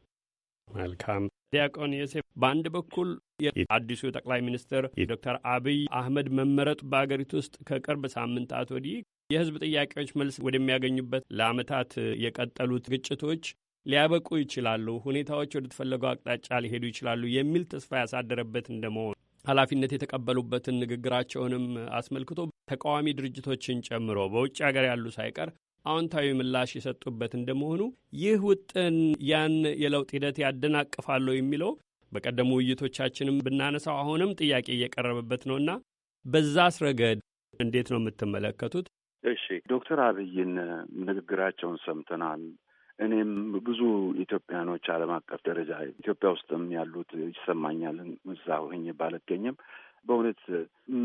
መልካም ዲያቆን ዮሴፍ በአንድ በኩል የአዲሱ ጠቅላይ ሚኒስትር የዶክተር አብይ አህመድ መመረጥ በአገሪቱ ውስጥ ከቅርብ ሳምንታት ወዲህ የህዝብ ጥያቄዎች መልስ ወደሚያገኙበት ለአመታት የቀጠሉት ግጭቶች ሊያበቁ ይችላሉ፣ ሁኔታዎች ወደተፈለገው አቅጣጫ ሊሄዱ ይችላሉ የሚል ተስፋ ያሳደረበት እንደመሆኑ ኃላፊነት የተቀበሉበትን ንግግራቸውንም አስመልክቶ ተቃዋሚ ድርጅቶችን ጨምሮ በውጭ ሀገር ያሉ ሳይቀር አዎንታዊ ምላሽ የሰጡበት እንደመሆኑ ይህ ውጥን ያን የለውጥ ሂደት ያደናቅፋለሁ የሚለው በቀደሙ ውይይቶቻችንም ብናነሳው አሁንም ጥያቄ እየቀረበበት ነውና በዛስ ረገድ እንዴት ነው የምትመለከቱት? እሺ ዶክተር አብይን ንግግራቸውን ሰምተናል። እኔም ብዙ ኢትዮጵያኖች ዓለም አቀፍ ደረጃ ኢትዮጵያ ውስጥም ያሉት ይሰማኛል እዛ ሆኜ ባልገኝም በእውነት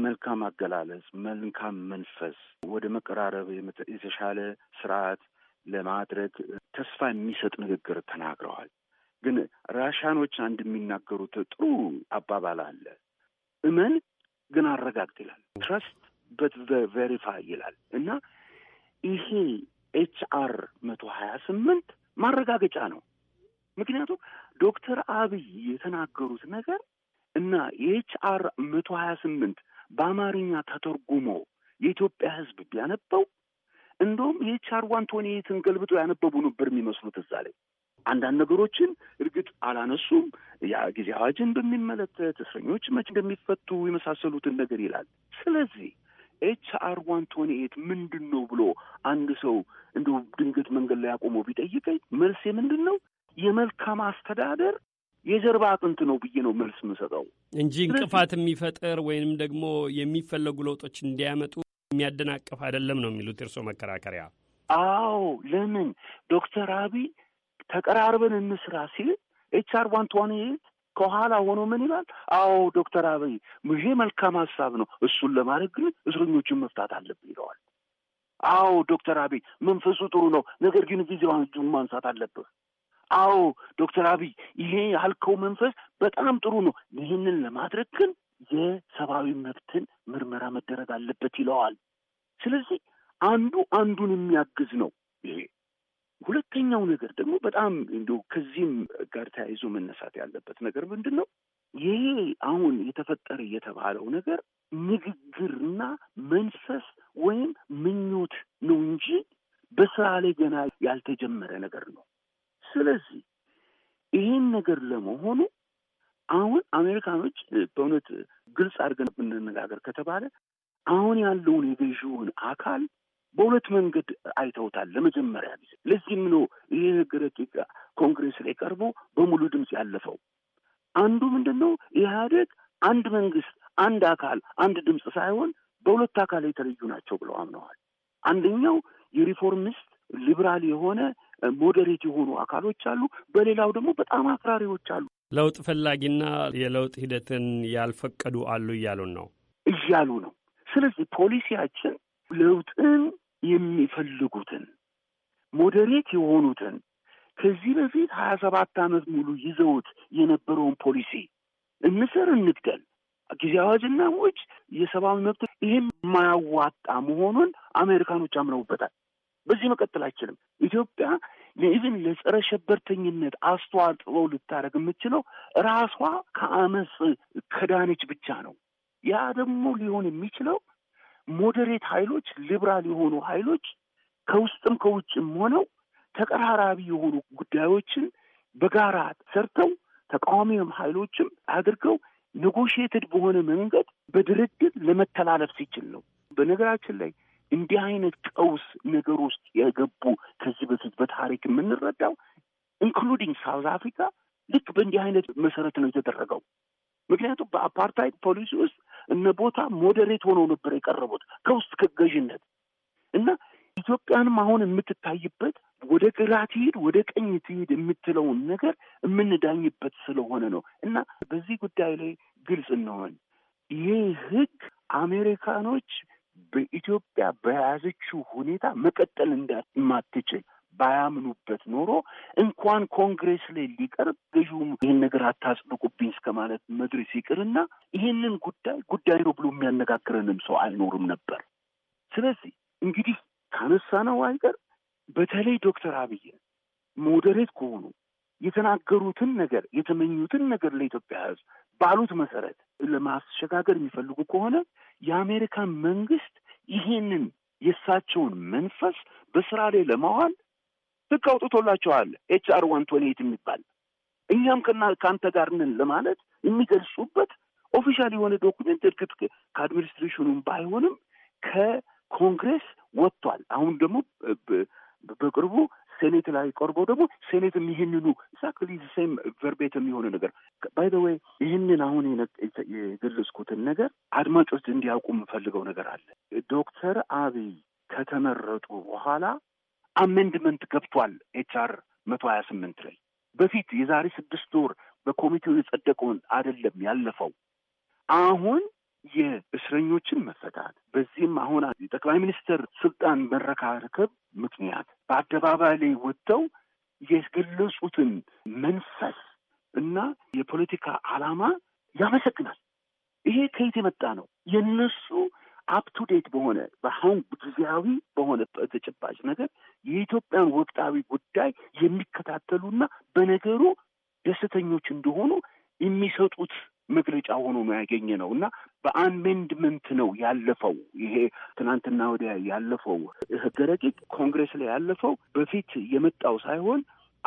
መልካም አገላለጽ፣ መልካም መንፈስ፣ ወደ መቀራረብ፣ የተሻለ ስርዓት ለማድረግ ተስፋ የሚሰጥ ንግግር ተናግረዋል። ግን ራሻኖች አንድ የሚናገሩት ጥሩ አባባል አለ። እመን ግን አረጋግጥ ይላል። ትረስት በት ቬሪፋይ ይላል እና ይሄ ኤች አር መቶ ሀያ ስምንት ማረጋገጫ ነው። ምክንያቱም ዶክተር አብይ የተናገሩት ነገር እና የኤች አር መቶ ሀያ ስምንት በአማርኛ ተተርጉሞ የኢትዮጵያ ህዝብ ቢያነበው እንደውም የኤች አር ዋን ቶኒ ገልብጦ ያነበቡ ነበር የሚመስሉት እዛ ላይ አንዳንድ ነገሮችን እርግጥ አላነሱም። ያ ጊዜ አዋጅን በሚመለከት እስረኞች መቼ እንደሚፈቱ የመሳሰሉትን ነገር ይላል። ስለዚህ ኤች አር ዋን ቶኒ ኤት ምንድን ነው ብሎ አንድ ሰው እንዲሁ ድንገት መንገድ ላይ አቆሞ ቢጠይቀኝ መልሴ ምንድን ነው? የመልካም አስተዳደር የጀርባ አጥንት ነው ብዬ ነው መልስ የምሰጠው እንጂ እንቅፋት የሚፈጥር ወይንም ደግሞ የሚፈለጉ ለውጦች እንዲያመጡ የሚያደናቅፍ አይደለም ነው የሚሉት እርስዎ መከራከሪያ? አዎ ለምን ዶክተር አብይ ተቀራርበን እንስራ ሲል ኤች አር ዋን ከኋላ ሆኖ ምን ይላል? አዎ ዶክተር አብይ ይሄ መልካም ሀሳብ ነው፣ እሱን ለማድረግ ግን እስረኞችን መፍታት አለብን ይለዋል። አዎ ዶክተር አብይ መንፈሱ ጥሩ ነው፣ ነገር ግን ጊዜዋን እጁን ማንሳት አለብህ አዎ ዶክተር አብይ ይሄ ያልከው መንፈስ በጣም ጥሩ ነው። ይህንን ለማድረግ ግን የሰብአዊ መብትን ምርመራ መደረግ አለበት ይለዋል። ስለዚህ አንዱ አንዱን የሚያግዝ ነው ይሄ። ሁለተኛው ነገር ደግሞ በጣም እንዲሁ ከዚህም ጋር ተያይዞ መነሳት ያለበት ነገር ምንድን ነው? ይሄ አሁን የተፈጠረ የተባለው ነገር ንግግርና መንፈስ ወይም ምኞት ነው እንጂ በስራ ላይ ገና ያልተጀመረ ነገር ነው። ስለዚህ ይሄን ነገር ለመሆኑ አሁን አሜሪካኖች በእውነት ግልጽ አድርገን ብንነጋገር ከተባለ አሁን ያለውን የገዢውን አካል በሁለት መንገድ አይተውታል። ለመጀመሪያ ጊዜ ለዚህም ነው ይህ ህግ ረቂቅ ኮንግሬስ ላይ ቀርቦ በሙሉ ድምፅ ያለፈው። አንዱ ምንድን ነው ኢህአደግ አንድ መንግስት፣ አንድ አካል፣ አንድ ድምፅ ሳይሆን በሁለት አካል የተለዩ ናቸው ብለው አምነዋል። አንደኛው የሪፎርሚስት ሊብራል የሆነ ሞዴሬት የሆኑ አካሎች አሉ። በሌላው ደግሞ በጣም አክራሪዎች አሉ። ለውጥ ፈላጊና የለውጥ ሂደትን ያልፈቀዱ አሉ እያሉን ነው እያሉ ነው። ስለዚህ ፖሊሲያችን ለውጥን የሚፈልጉትን ሞዴሬት የሆኑትን ከዚህ በፊት ሀያ ሰባት ዓመት ሙሉ ይዘውት የነበረውን ፖሊሲ እንስር፣ እንግደል፣ ጊዜ አዋጅና ውጭ የሰብአዊ መብት ይህም የማያዋጣ መሆኑን አሜሪካኖች አምነውበታል። በዚህ መቀጠል አይችልም። ኢትዮጵያ ኢቭን ለጸረ ሸበርተኝነት አስተዋጽኦ ልታደርግ የምችለው ራሷ ከአመፅ ከዳነች ብቻ ነው። ያ ደግሞ ሊሆን የሚችለው ሞዴሬት ኃይሎች ሊብራል የሆኑ ኃይሎች ከውስጥም ከውጭም ሆነው ተቀራራቢ የሆኑ ጉዳዮችን በጋራ ሰርተው ተቃዋሚም ኃይሎችም አድርገው ኔጎሽየትድ በሆነ መንገድ በድርድር ለመተላለፍ ሲችል ነው። በነገራችን ላይ እንዲህ አይነት ቀውስ ነገር ውስጥ የገቡ ከዚህ በፊት በታሪክ የምንረዳው ኢንክሉዲንግ ሳውዝ አፍሪካ ልክ በእንዲህ አይነት መሰረት ነው የተደረገው። ምክንያቱም በአፓርታይድ ፖሊሲ ውስጥ እነ ቦታ ሞዴሬት ሆነው ነበር የቀረቡት ከውስጥ ከገዥነት እና ኢትዮጵያንም አሁን የምትታይበት ወደ ግራ ትሂድ ወደ ቀኝ ትሂድ የምትለውን ነገር የምንዳኝበት ስለሆነ ነው እና በዚህ ጉዳይ ላይ ግልጽ እንሆን። ይህ ህግ አሜሪካኖች በኢትዮጵያ በያዘችው ሁኔታ መቀጠል እንደማትችል ባያምኑበት ኖሮ እንኳን ኮንግሬስ ላይ ሊቀርብ ገዥውም ይህን ነገር አታጽድቁብኝ እስከ ማለት መድረስ ይቅርና ይህንን ጉዳይ ጉዳይ ነው ብሎ የሚያነጋግረንም ሰው አይኖርም ነበር። ስለዚህ እንግዲህ ካነሳነው አይቀር በተለይ ዶክተር አብይ ሞዴሬት ከሆኑ የተናገሩትን ነገር የተመኙትን ነገር ለኢትዮጵያ ሕዝብ ባሉት መሰረት ለማሸጋገር የሚፈልጉ ከሆነ የአሜሪካ መንግስት ይሄንን የእሳቸውን መንፈስ በስራ ላይ ለማዋል ህግ አውጥቶላቸዋል። ኤች አር ዋን ቶኔት የሚባል እኛም ከና ከአንተ ጋር ነን ለማለት የሚገልጹበት ኦፊሻል የሆነ ዶኩሜንት እርግጥ ከአድሚኒስትሬሽኑም ባይሆንም ከኮንግሬስ ወጥቷል። አሁን ደግሞ በቅርቡ ሴኔት ላይ ቀርበው ደግሞ ሴኔትም ይህንኑ ኤግዛክትሊ ሴም ቨርቤት የሆነ ነገር ባይ ዘ ዌይ ይህንን አሁን የገለጽኩትን ነገር አድማጮች እንዲያውቁ የምፈልገው ነገር አለ። ዶክተር አብይ ከተመረጡ በኋላ አሜንድመንት ገብቷል ኤች አር መቶ ሀያ ስምንት ላይ በፊት የዛሬ ስድስት ወር በኮሚቴው የጸደቀውን አይደለም ያለፈው አሁን የእስረኞችን መፈታት በዚህም አሁን የጠቅላይ ሚኒስትር ስልጣን መረካከብ ምክንያት በአደባባይ ላይ ወጥተው የገለጹትን መንፈስ እና የፖለቲካ ዓላማ ያመሰግናል። ይሄ ከየት የመጣ ነው? የነሱ አፕቱዴት በሆነ በአሁን ጊዜያዊ በሆነ ተጨባጭ ነገር የኢትዮጵያን ወቅታዊ ጉዳይ የሚከታተሉና በነገሩ ደስተኞች እንደሆኑ የሚሰጡት መግለጫ ሆኖ ነው ያገኘ ነው እና በአሜንድመንት ነው ያለፈው። ይሄ ትናንትና ወዲያ ያለፈው ህገ ረቂቅ ኮንግሬስ ላይ ያለፈው በፊት የመጣው ሳይሆን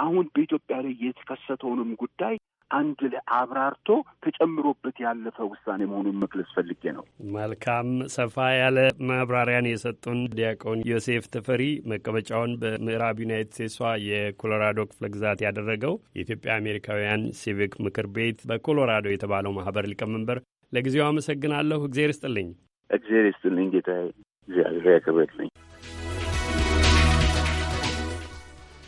አሁን በኢትዮጵያ ላይ የተከሰተውንም ጉዳይ አንድ ላይ አብራርቶ ተጨምሮበት ያለፈ ውሳኔ መሆኑን መግለጽ ፈልጌ ነው። መልካም ሰፋ ያለ ማብራሪያን የሰጡን ዲያቆን ዮሴፍ ተፈሪ መቀመጫውን በምዕራብ ዩናይትድ ስቴትሷ የኮሎራዶ ክፍለ ግዛት ያደረገው የኢትዮጵያ አሜሪካውያን ሲቪክ ምክር ቤት በኮሎራዶ የተባለው ማህበር ሊቀመንበር፣ ለጊዜው አመሰግናለሁ። እግዜር ይስጥልኝ። እግዜር ይስጥልኝ ጌታ እግዚአብሔር ያክብርልኝ።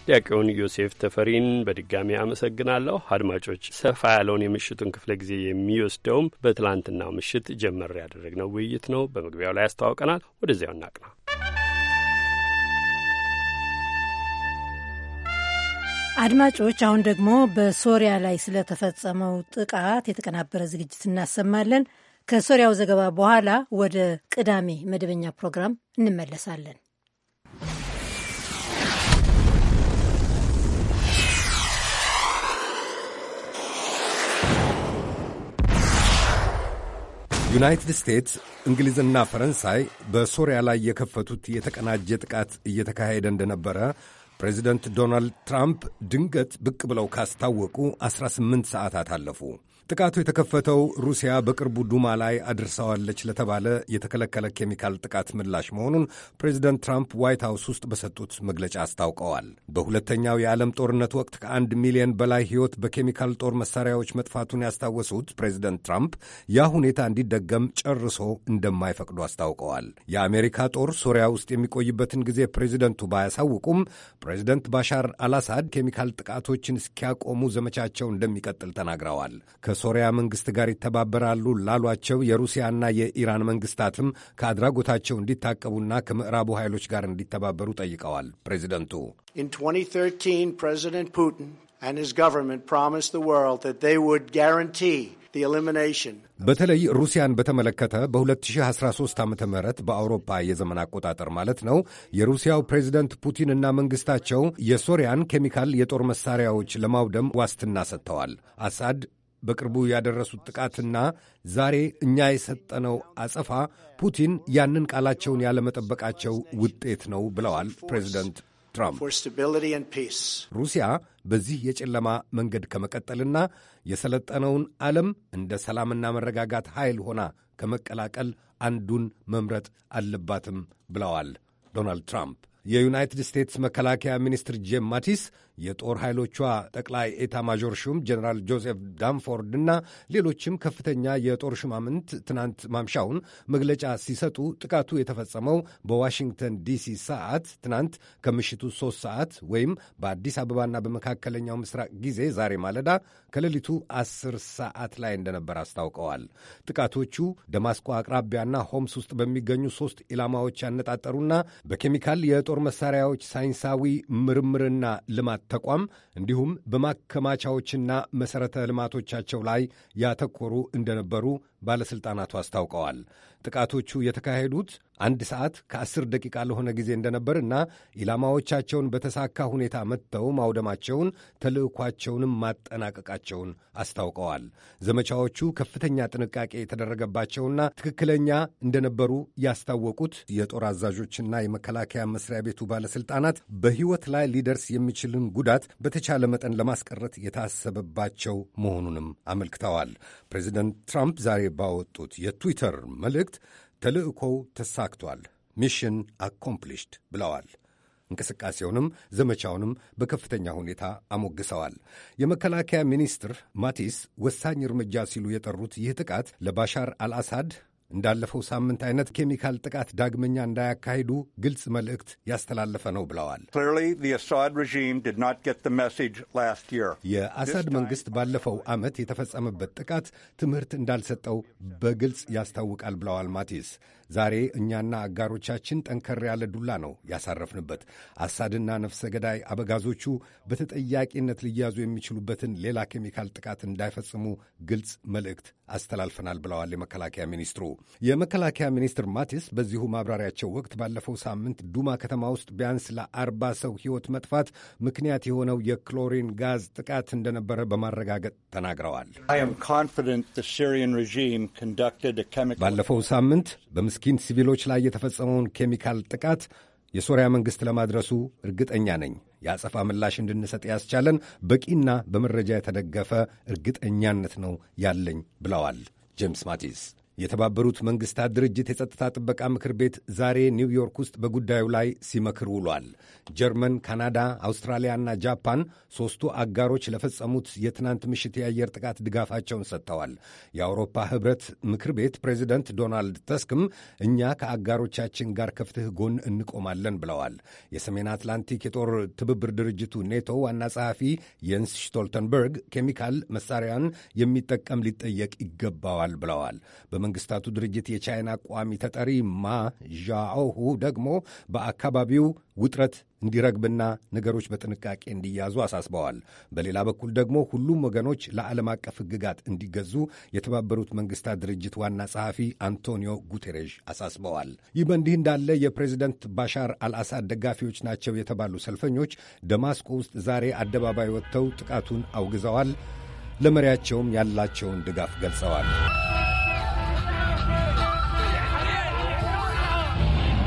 ዲያቆን ዮሴፍ ተፈሪን በድጋሚ አመሰግናለሁ። አድማጮች፣ ሰፋ ያለውን የምሽቱን ክፍለ ጊዜ የሚወስደውም በትላንትናው ምሽት ጀመር ያደረግነው ውይይት ነው። በመግቢያው ላይ ያስተዋውቀናል። ወደዚያው እናቅና። አድማጮች፣ አሁን ደግሞ በሶሪያ ላይ ስለተፈጸመው ጥቃት የተቀናበረ ዝግጅት እናሰማለን። ከሶሪያው ዘገባ በኋላ ወደ ቅዳሜ መደበኛ ፕሮግራም እንመለሳለን። ዩናይትድ ስቴትስ እንግሊዝና ፈረንሳይ በሶሪያ ላይ የከፈቱት የተቀናጀ ጥቃት እየተካሄደ እንደነበረ ፕሬዚደንት ዶናልድ ትራምፕ ድንገት ብቅ ብለው ካስታወቁ 18 ሰዓታት አለፉ። ጥቃቱ የተከፈተው ሩሲያ በቅርቡ ዱማ ላይ አድርሰዋለች ለተባለ የተከለከለ ኬሚካል ጥቃት ምላሽ መሆኑን ፕሬዚደንት ትራምፕ ዋይት ሃውስ ውስጥ በሰጡት መግለጫ አስታውቀዋል። በሁለተኛው የዓለም ጦርነት ወቅት ከአንድ ሚሊዮን በላይ ሕይወት በኬሚካል ጦር መሳሪያዎች መጥፋቱን ያስታወሱት ፕሬዚደንት ትራምፕ ያ ሁኔታ እንዲደገም ጨርሶ እንደማይፈቅዱ አስታውቀዋል። የአሜሪካ ጦር ሶሪያ ውስጥ የሚቆይበትን ጊዜ ፕሬዚደንቱ ባያሳውቁም ፕሬዚደንት ባሻር አልአሳድ ኬሚካል ጥቃቶችን እስኪያቆሙ ዘመቻቸው እንደሚቀጥል ተናግረዋል። ከሶሪያ መንግሥት ጋር ይተባበራሉ ላሏቸው የሩሲያና የኢራን መንግሥታትም ከአድራጎታቸው እንዲታቀቡና ከምዕራቡ ኃይሎች ጋር እንዲተባበሩ ጠይቀዋል። ፕሬዚደንቱ ፕሬዚደንት ፑቲን and his government promised the world that they would guarantee the elimination በተለይ ሩሲያን በተመለከተ በ2013 ዓ ም በአውሮፓ የዘመን አቆጣጠር ማለት ነው። የሩሲያው ፕሬዚደንት ፑቲንና መንግሥታቸው የሶሪያን ኬሚካል የጦር መሣሪያዎች ለማውደም ዋስትና ሰጥተዋል። አሳድ በቅርቡ ያደረሱት ጥቃትና ዛሬ እኛ የሰጠነው አጸፋ ፑቲን ያንን ቃላቸውን ያለመጠበቃቸው ውጤት ነው ብለዋል ፕሬዚደንት ትራምፕ። ሩሲያ በዚህ የጨለማ መንገድ ከመቀጠልና የሰለጠነውን ዓለም እንደ ሰላምና መረጋጋት ኃይል ሆና ከመቀላቀል አንዱን መምረጥ አለባትም ብለዋል ዶናልድ ትራምፕ። የዩናይትድ ስቴትስ መከላከያ ሚኒስትር ጄም ማቲስ የጦር ኃይሎቿ ጠቅላይ ኤታ ማዦር ሹም ጀኔራል ጆሴፍ እና ሌሎችም ከፍተኛ የጦር ሹማምንት ትናንት ማምሻውን መግለጫ ሲሰጡ ጥቃቱ የተፈጸመው በዋሽንግተን ዲሲ ሰዓት ትናንት ከምሽቱ ሦስት ሰዓት ወይም በአዲስ አበባና በመካከለኛው ምስራቅ ጊዜ ዛሬ ማለዳ ከሌሊቱ አስር ሰዓት ላይ እንደነበር አስታውቀዋል። ጥቃቶቹ ደማስቆ አቅራቢያና ሆምስ ውስጥ በሚገኙ ሦስት ኢላማዎች ያነጣጠሩና በኬሚካል የጦር መሳሪያዎች ሳይንሳዊ ምርምርና ልማት ተቋም እንዲሁም በማከማቻዎችና መሠረተ ልማቶቻቸው ላይ ያተኮሩ እንደነበሩ ባለሥልጣናቱ አስታውቀዋል። ጥቃቶቹ የተካሄዱት አንድ ሰዓት ከአስር ደቂቃ ለሆነ ጊዜ እንደነበርና ኢላማዎቻቸውን በተሳካ ሁኔታ መጥተው ማውደማቸውን ተልዕኳቸውንም ማጠናቀቃቸውን አስታውቀዋል። ዘመቻዎቹ ከፍተኛ ጥንቃቄ የተደረገባቸውና ትክክለኛ እንደነበሩ ያስታወቁት የጦር አዛዦችና የመከላከያ መስሪያ ቤቱ ባለሥልጣናት በሕይወት ላይ ሊደርስ የሚችልን ጉዳት በተቻለ መጠን ለማስቀረት የታሰበባቸው መሆኑንም አመልክተዋል። ፕሬዚደንት ትራምፕ ዛሬ ባወጡት የትዊተር መልእክት መልእክት ተልዕኮው ተሳክቷል፣ ሚሽን አኮምፕሊሽድ ብለዋል። እንቅስቃሴውንም ዘመቻውንም በከፍተኛ ሁኔታ አሞግሰዋል። የመከላከያ ሚኒስትር ማቲስ ወሳኝ እርምጃ ሲሉ የጠሩት ይህ ጥቃት ለባሻር አልአሳድ እንዳለፈው ሳምንት አይነት ኬሚካል ጥቃት ዳግመኛ እንዳያካሂዱ ግልጽ መልእክት ያስተላለፈ ነው ብለዋል። የአሳድ መንግስት ባለፈው ዓመት የተፈጸመበት ጥቃት ትምህርት እንዳልሰጠው በግልጽ ያስታውቃል ብለዋል ማቲስ። ዛሬ እኛና አጋሮቻችን ጠንከር ያለ ዱላ ነው ያሳረፍንበት። አሳድና ነፍሰ ገዳይ አበጋዞቹ በተጠያቂነት ሊያዙ የሚችሉበትን ሌላ ኬሚካል ጥቃት እንዳይፈጽሙ ግልጽ መልእክት አስተላልፈናል ብለዋል የመከላከያ ሚኒስትሩ። የመከላከያ ሚኒስትር ማቲስ በዚሁ ማብራሪያቸው ወቅት ባለፈው ሳምንት ዱማ ከተማ ውስጥ ቢያንስ ለአርባ ሰው ሕይወት መጥፋት ምክንያት የሆነው የክሎሪን ጋዝ ጥቃት እንደነበረ በማረጋገጥ ተናግረዋል። ባለፈው ሳምንት በምስኪን ሲቪሎች ላይ የተፈጸመውን ኬሚካል ጥቃት የሶሪያ መንግሥት ለማድረሱ እርግጠኛ ነኝ። የአጸፋ ምላሽ እንድንሰጥ ያስቻለን በቂና በመረጃ የተደገፈ እርግጠኛነት ነው ያለኝ ብለዋል ጄምስ ማቲስ። የተባበሩት መንግስታት ድርጅት የጸጥታ ጥበቃ ምክር ቤት ዛሬ ኒውዮርክ ውስጥ በጉዳዩ ላይ ሲመክር ውሏል። ጀርመን፣ ካናዳ፣ አውስትራሊያና ጃፓን ሦስቱ አጋሮች ለፈጸሙት የትናንት ምሽት የአየር ጥቃት ድጋፋቸውን ሰጥተዋል። የአውሮፓ ሕብረት ምክር ቤት ፕሬዚደንት ዶናልድ ተስክም እኛ ከአጋሮቻችን ጋር ከፍትህ ጎን እንቆማለን ብለዋል። የሰሜን አትላንቲክ የጦር ትብብር ድርጅቱ ኔቶ ዋና ጸሐፊ የንስ ሽቶልተንበርግ ኬሚካል መሳሪያን የሚጠቀም ሊጠየቅ ይገባዋል ብለዋል። የመንግስታቱ ድርጅት የቻይና ቋሚ ተጠሪ ማ ዣኦሁ ደግሞ በአካባቢው ውጥረት እንዲረግብና ነገሮች በጥንቃቄ እንዲያዙ አሳስበዋል። በሌላ በኩል ደግሞ ሁሉም ወገኖች ለዓለም አቀፍ ሕግጋት እንዲገዙ የተባበሩት መንግስታት ድርጅት ዋና ጸሐፊ አንቶኒዮ ጉቴሬዥ አሳስበዋል። ይህ በእንዲህ እንዳለ የፕሬዚደንት ባሻር አልአሳድ ደጋፊዎች ናቸው የተባሉ ሰልፈኞች ደማስቆ ውስጥ ዛሬ አደባባይ ወጥተው ጥቃቱን አውግዘዋል። ለመሪያቸውም ያላቸውን ድጋፍ ገልጸዋል።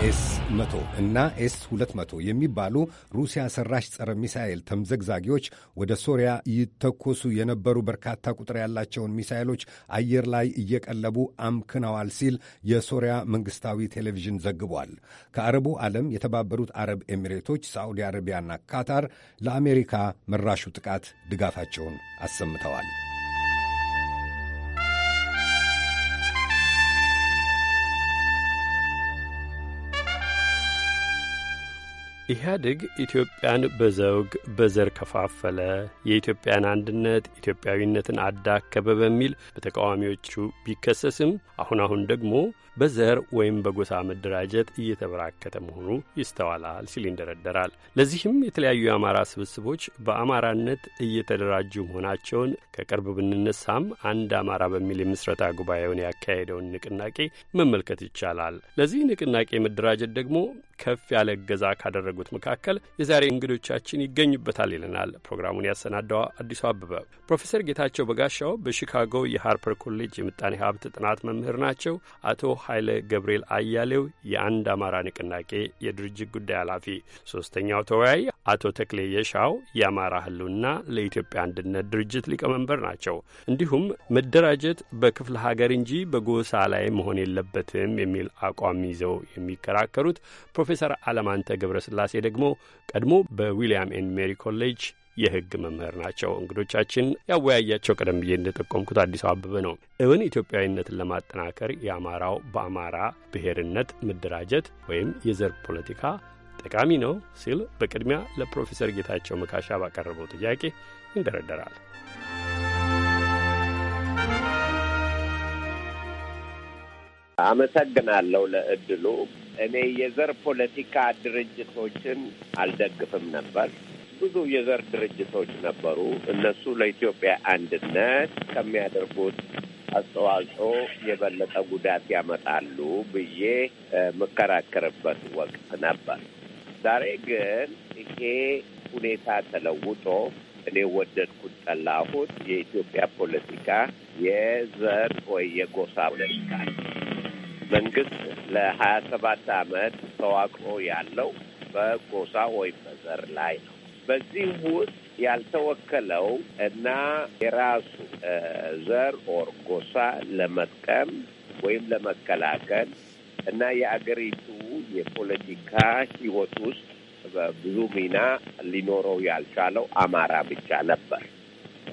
ኤስ 100 እና ኤስ 200 የሚባሉ ሩሲያ ሰራሽ ጸረ ሚሳኤል ተምዘግዛጊዎች ወደ ሶሪያ ይተኮሱ የነበሩ በርካታ ቁጥር ያላቸውን ሚሳኤሎች አየር ላይ እየቀለቡ አምክነዋል ሲል የሶሪያ መንግስታዊ ቴሌቪዥን ዘግቧል። ከአረቡ ዓለም የተባበሩት አረብ ኤሚሬቶች፣ ሳዑዲ አረቢያና ካታር ለአሜሪካ መራሹ ጥቃት ድጋፋቸውን አሰምተዋል። ኢህአዴግ ኢትዮጵያን በዘውግ በዘር ከፋፈለ፣ የኢትዮጵያን አንድነት ኢትዮጵያዊነትን አዳከበ በሚል በተቃዋሚዎቹ ቢከሰስም አሁን አሁን ደግሞ በዘር ወይም በጎሳ መደራጀት እየተበራከተ መሆኑ ይስተዋላል ሲል ይንደረደራል። ለዚህም የተለያዩ የአማራ ስብስቦች በአማራነት እየተደራጁ መሆናቸውን ከቅርብ ብንነሳም አንድ አማራ በሚል የምስረታ ጉባኤውን ያካሄደውን ንቅናቄ መመልከት ይቻላል። ለዚህ ንቅናቄ መደራጀት ደግሞ ከፍ ያለ እገዛ ካደረጉት መካከል የዛሬ እንግዶቻችን ይገኙበታል ይለናል ፕሮግራሙን ያሰናዳው አዲሱ አበበ። ፕሮፌሰር ጌታቸው በጋሻው በሺካጎ የሃርፐር ኮሌጅ የምጣኔ ሀብት ጥናት መምህር ናቸው። አቶ ኃይለ ገብርኤል አያሌው የአንድ አማራ ንቅናቄ የድርጅት ጉዳይ ኃላፊ፣ ሶስተኛው ተወያይ አቶ ተክሌ የሻው የአማራ ህልውና ለኢትዮጵያ አንድነት ድርጅት ሊቀመንበር ናቸው። እንዲሁም መደራጀት በክፍለ ሀገር እንጂ በጎሳ ላይ መሆን የለበትም የሚል አቋም ይዘው የሚከራከሩት ፕሮፌሰር አለማንተ ገብረስላሴ ደግሞ ቀድሞ በዊልያም ኤንድ ሜሪ ኮሌጅ የህግ መምህር ናቸው። እንግዶቻችን ያወያያቸው ቀደም ብዬ እንደጠቆምኩት አዲሱ አበበ ነው። እውን ኢትዮጵያዊነትን ለማጠናከር የአማራው በአማራ ብሔርነት መደራጀት ወይም የዘር ፖለቲካ ጠቃሚ ነው ሲል በቅድሚያ ለፕሮፌሰር ጌታቸው መካሻ ባቀረበው ጥያቄ ይንደረደራል። አመሰግናለሁ ለእድሉ። እኔ የዘር ፖለቲካ ድርጅቶችን አልደግፍም ነበር ብዙ የዘር ድርጅቶች ነበሩ። እነሱ ለኢትዮጵያ አንድነት ከሚያደርጉት አስተዋጽኦ የበለጠ ጉዳት ያመጣሉ ብዬ የምከራከርበት ወቅት ነበር። ዛሬ ግን ይሄ ሁኔታ ተለውጦ እኔ ወደድኩት ጠላሁት፣ የኢትዮጵያ ፖለቲካ የዘር ወይ የጎሳ ፖለቲካ መንግስት ለሀያ ሰባት አመት ተዋቅሮ ያለው በጎሳ ወይም በዘር ላይ ነው። በዚህ ውስጥ ያልተወከለው እና የራሱ ዘር ኦር ጎሳ ለመጥቀም ወይም ለመከላከል እና የአገሪቱ የፖለቲካ ሕይወት ውስጥ ብዙ ሚና ሊኖረው ያልቻለው አማራ ብቻ ነበር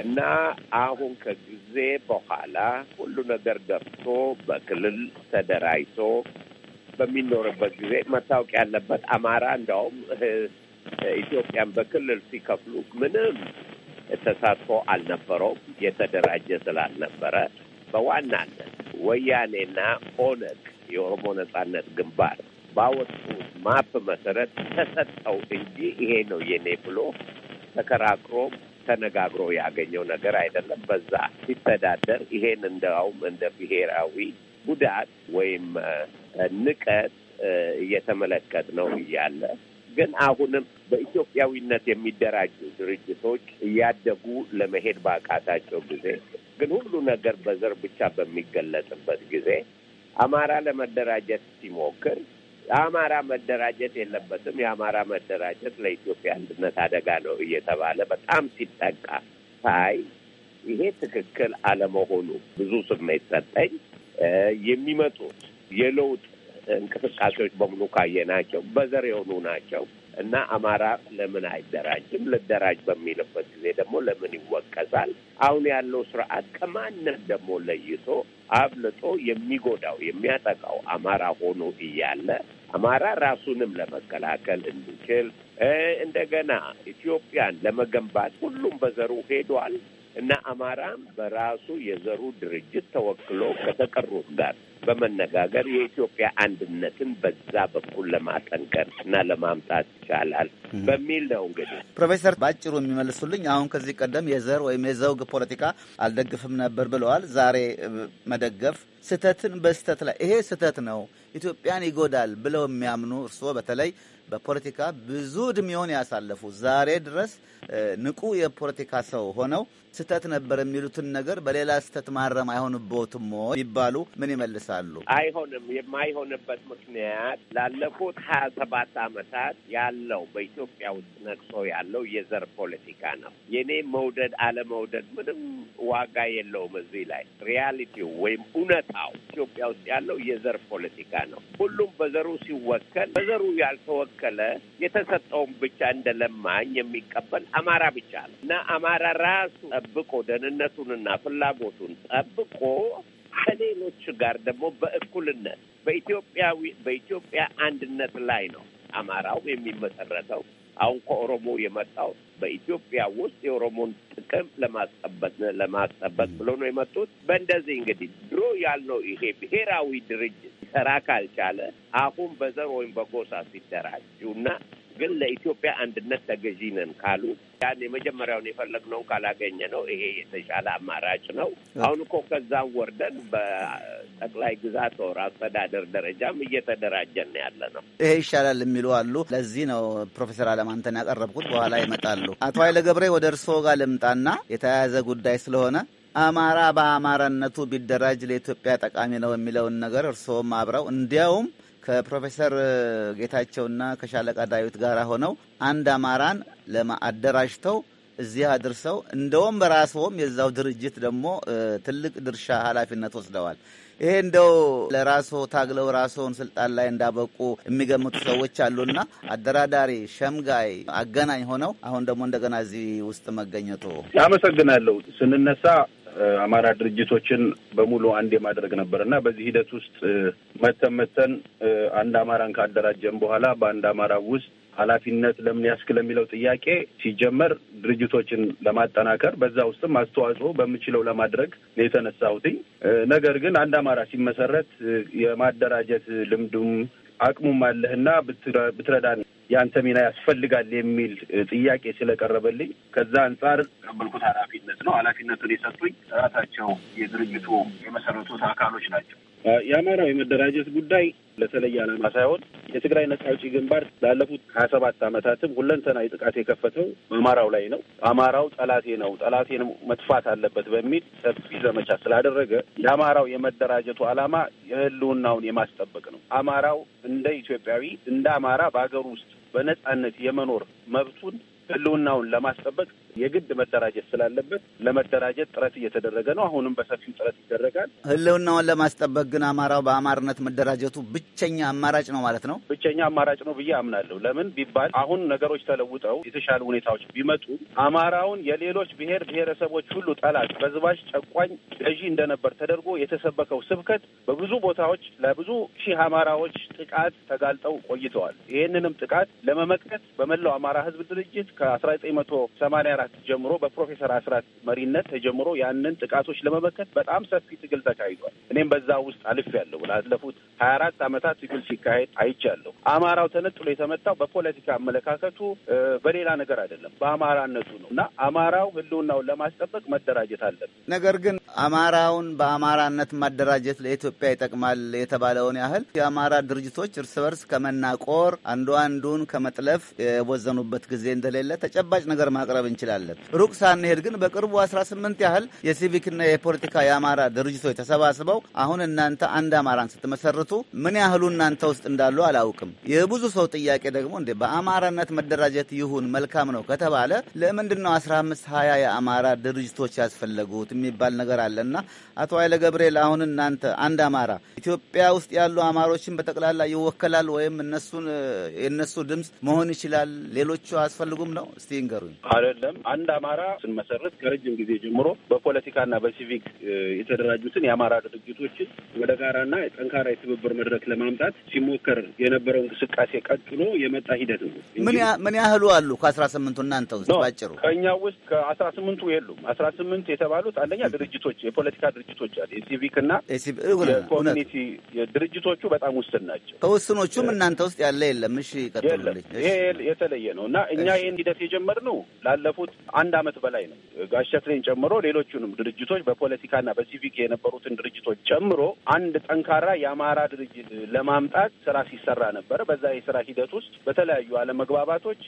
እና አሁን ከጊዜ በኋላ ሁሉ ነገር ገብቶ በክልል ተደራጅቶ በሚኖርበት ጊዜ መታወቅ ያለበት አማራ እንደውም ኢትዮጵያን በክልል ሲከፍሉ ምንም ተሳትፎ አልነበረውም። የተደራጀ ስላልነበረ በዋናነት ወያኔና ኦነግ የኦሮሞ ነጻነት ግንባር ባወጡት ማፕ መሰረት ተሰጠው እንጂ ይሄ ነው የኔ ብሎ ተከራክሮ ተነጋግሮ ያገኘው ነገር አይደለም። በዛ ሲተዳደር ይሄን እንደውም እንደ ብሔራዊ ጉዳት ወይም ንቀት እየተመለከት ነው እያለ ግን አሁንም በኢትዮጵያዊነት የሚደራጁ ድርጅቶች እያደጉ ለመሄድ ባቃታቸው ጊዜ ግን ሁሉ ነገር በዘር ብቻ በሚገለጥበት ጊዜ አማራ ለመደራጀት ሲሞክር የአማራ መደራጀት የለበትም፣ የአማራ መደራጀት ለኢትዮጵያ አንድነት አደጋ ነው እየተባለ በጣም ሲጠቃ ሳይ ይሄ ትክክል አለመሆኑ ብዙ ስሜት ሰጠኝ። የሚመጡት የለውጥ እንቅስቃሴዎች በሙሉ ካየናቸው በዘር የሆኑ ናቸው እና አማራ ለምን አይደራጅም? ልደራጅ በሚልበት ጊዜ ደግሞ ለምን ይወቀሳል? አሁን ያለው ስርዓት ከማንም ደግሞ ለይቶ አብልጦ የሚጎዳው የሚያጠቃው አማራ ሆኖ እያለ አማራ ራሱንም ለመከላከል እንዲችል እንደገና ኢትዮጵያን ለመገንባት ሁሉም በዘሩ ሄዷል እና አማራም በራሱ የዘሩ ድርጅት ተወክሎ ከተቀሩት ጋር በመነጋገር የኢትዮጵያ አንድነትን በዛ በኩል ለማጠንከር እና ለማምጣት ይቻላል በሚል ነው። እንግዲህ ፕሮፌሰር ባጭሩ የሚመልሱልኝ አሁን ከዚህ ቀደም የዘር ወይም የዘውግ ፖለቲካ አልደግፍም ነበር ብለዋል። ዛሬ መደገፍ ስህተትን በስህተት ላይ ይሄ ስህተት ነው ኢትዮጵያን ይጎዳል ብለው የሚያምኑ እርስዎ በተለይ በፖለቲካ ብዙ እድሜውን ያሳለፉ ዛሬ ድረስ ንቁ የፖለቲካ ሰው ሆነው ስህተት ነበር የሚሉትን ነገር በሌላ ስህተት ማረም አይሆንቦትም ይባሉ ምን ይመልሳሉ? አይሆንም። የማይሆንበት ምክንያት ላለፉት ሀያ ሰባት አመታት ያለው በኢትዮጵያ ውስጥ ነቅሶ ያለው የዘር ፖለቲካ ነው። የኔ መውደድ አለመውደድ ምንም ዋጋ የለውም። እዚህ ላይ ሪያሊቲው ወይም እውነታው ኢትዮጵያ ውስጥ ያለው የዘር ፖለቲካ ነው። ሁሉም በዘሩ ሲወከል በዘሩ ያልተወከለ የተሰጠውን ብቻ እንደ ለማኝ የሚቀበል አማራ ብቻ ነው እና አማራ ራሱ ጠብቆ ደህንነቱንና ፍላጎቱን ጠብቆ ከሌሎች ጋር ደግሞ በእኩልነት በኢትዮጵያዊ በኢትዮጵያ አንድነት ላይ ነው አማራው የሚመሰረተው። አሁን ከኦሮሞ የመጣው በኢትዮጵያ ውስጥ የኦሮሞን ጥቅም ለማስጠበቅ ለማስጠበቅ ብሎ ነው የመጡት። በእንደዚህ እንግዲህ ድሮ ያልነው ይሄ ብሔራዊ ድርጅት ሊሰራ ካልቻለ አሁን በዘር ወይም በጎሳ ሲደራጁ እና ግን ለኢትዮጵያ አንድነት ተገዢ ነን ካሉ ያን የመጀመሪያውን የፈለግነውን ካላገኘ ነው ይሄ የተሻለ አማራጭ ነው። አሁን እኮ ከዛም ወርደን በጠቅላይ ግዛት ወር አስተዳደር ደረጃም እየተደራጀን ያለ ነው። ይሄ ይሻላል የሚሉ አሉ። ለዚህ ነው ፕሮፌሰር አለማንተን ያቀረብኩት። በኋላ ይመጣሉ። አቶ ኃይለ ገብሬ ወደ እርስዎ ጋር ልምጣና የተያያዘ ጉዳይ ስለሆነ አማራ በአማራነቱ ቢደራጅ ለኢትዮጵያ ጠቃሚ ነው የሚለውን ነገር እርስዎም አብረው እንዲያውም ከፕሮፌሰር ጌታቸውና ከሻለቃ ዳዊት ጋር ሆነው አንድ አማራን ለማአደራጅተው እዚህ አድርሰው እንደውም በራስዎም የዛው ድርጅት ደግሞ ትልቅ ድርሻ ኃላፊነት ወስደዋል። ይሄ እንደው ለራስዎ ታግለው ራስዎን ስልጣን ላይ እንዳበቁ የሚገምቱ ሰዎች አሉና አደራዳሪ፣ ሸምጋይ፣ አገናኝ ሆነው አሁን ደግሞ እንደገና እዚህ ውስጥ መገኘቱ አመሰግናለሁ። ስንነሳ አማራ ድርጅቶችን በሙሉ አንድ የማድረግ ነበር እና በዚህ ሂደት ውስጥ መተን መተን አንድ አማራን ካደራጀን በኋላ በአንድ አማራ ውስጥ ኃላፊነት ለምን ያስክ ለሚለው ጥያቄ ሲጀመር ድርጅቶችን ለማጠናከር በዛ ውስጥም አስተዋጽኦ በምችለው ለማድረግ የተነሳሁትኝ። ነገር ግን አንድ አማራ ሲመሰረት የማደራጀት ልምዱም አቅሙም አለህና ብትረዳን የአንተ ሚና ያስፈልጋል የሚል ጥያቄ ስለቀረበልኝ ከዛ አንጻር ቀበልኩት ኃላፊነት ነው። ኃላፊነቱን የሰጡኝ ራሳቸው የድርጅቱ የመሰረቱት አካሎች ናቸው። የአማራው የመደራጀት ጉዳይ ለተለየ ዓላማ ሳይሆን የትግራይ ነጻ አውጪ ግንባር ላለፉት ሀያ ሰባት ዓመታትም ሁለንተናዊ ጥቃት የከፈተው በአማራው ላይ ነው። አማራው ጠላቴ ነው፣ ጠላቴን መጥፋት አለበት በሚል ሰፊ ዘመቻ ስላደረገ የአማራው የመደራጀቱ ዓላማ የህልውናውን የማስጠበቅ ነው። አማራው እንደ ኢትዮጵያዊ እንደ አማራ በሀገር ውስጥ በነጻነት የመኖር መብቱን ህልውናውን ለማስጠበቅ የግድ መደራጀት ስላለበት ለመደራጀት ጥረት እየተደረገ ነው። አሁንም በሰፊው ጥረት ይደረጋል። ህልውናውን ለማስጠበቅ ግን አማራው በአማርነት መደራጀቱ ብቸኛ አማራጭ ነው ማለት ነው። ብቸኛ አማራጭ ነው ብዬ አምናለሁ። ለምን ቢባል አሁን ነገሮች ተለውጠው የተሻሉ ሁኔታዎች ቢመጡ አማራውን የሌሎች ብሔር ብሔረሰቦች ሁሉ ጠላት፣ በዝባዥ፣ ጨቋኝ፣ ገዢ እንደነበር ተደርጎ የተሰበከው ስብከት በብዙ ቦታዎች ለብዙ ሺህ አማራዎች ጥቃት ተጋልጠው ቆይተዋል። ይህንንም ጥቃት ለመመከት በመላው አማራ ህዝብ ድርጅት ከአስራ ዘጠኝ መቶ ሰማኒያ አስራት ጀምሮ በፕሮፌሰር አስራት መሪነት ተጀምሮ ያንን ጥቃቶች ለመመከት በጣም ሰፊ ትግል ተካሂዷል። እኔም በዛ ውስጥ አልፍ ያለሁ ላለፉት ሀያ አራት ዓመታት ትግል ሲካሄድ አይቻለሁ። አማራው ተነጥሎ የተመታው በፖለቲካ አመለካከቱ በሌላ ነገር አይደለም፣ በአማራነቱ ነው እና አማራው ህልውናውን ለማስጠበቅ መደራጀት አለን። ነገር ግን አማራውን በአማራነት ማደራጀት ለኢትዮጵያ ይጠቅማል የተባለውን ያህል የአማራ ድርጅቶች እርስ በርስ ከመናቆር አንዱ አንዱን ከመጥለፍ የወዘኑበት ጊዜ እንደሌለ ተጨባጭ ነገር ማቅረብ እንችላል። አለን። ሩቅ ሳንሄድ ግን በቅርቡ 18 ያህል የሲቪክና የፖለቲካ የአማራ ድርጅቶች ተሰባስበው አሁን እናንተ አንድ አማራን ስትመሰርቱ ምን ያህሉ እናንተ ውስጥ እንዳሉ አላውቅም። የብዙ ሰው ጥያቄ ደግሞ እንዴ በአማራነት መደራጀት ይሁን መልካም ነው ከተባለ ለምንድን ነው 15 20 የአማራ ድርጅቶች ያስፈለጉት የሚባል ነገር አለና አቶ ኃይለ ገብርኤል አሁን እናንተ አንድ አማራ ኢትዮጵያ ውስጥ ያሉ አማሮችን በጠቅላላ ይወከላል ወይም እነሱን የእነሱ ድምፅ መሆን ይችላል ሌሎቹ አያስፈልጉም ነው? እስቲ ንገሩኝ አይደለም አንድ አማራ ስንመሰረት ከረጅም ጊዜ ጀምሮ በፖለቲካና በሲቪክ የተደራጁትን የአማራ ድርጅቶችን ወደ ጋራና ጠንካራ የትብብር መድረክ ለማምጣት ሲሞከር የነበረው እንቅስቃሴ ቀጥሎ የመጣ ሂደት ነው። ምን ያህሉ አሉ? ከአስራ ስምንቱ እናንተ ውስጥ ባጭሩ። ከእኛ ውስጥ ከአስራ ስምንቱ የሉም። አስራ ስምንት የተባሉት አንደኛ ድርጅቶች፣ የፖለቲካ ድርጅቶች የሲቪክ የሲቪክና የኮሚኒቲ ድርጅቶቹ በጣም ውስን ናቸው። ከውስኖቹም እናንተ ውስጥ ያለ የለም። እሺ፣ ይሄ የተለየ ነው እና እኛ ይህን ሂደት የጀመርነው ላለፉት አንድ አመት በላይ ነው። ጋሸትሌን ጨምሮ ሌሎቹንም ድርጅቶች በፖለቲካና በሲቪክ የነበሩትን ድርጅቶች ጨምሮ አንድ ጠንካራ የአማራ ድርጅት ለማምጣት ስራ ሲሰራ ነበረ። በዛ የስራ ሂደት ውስጥ በተለያዩ አለመግባባቶች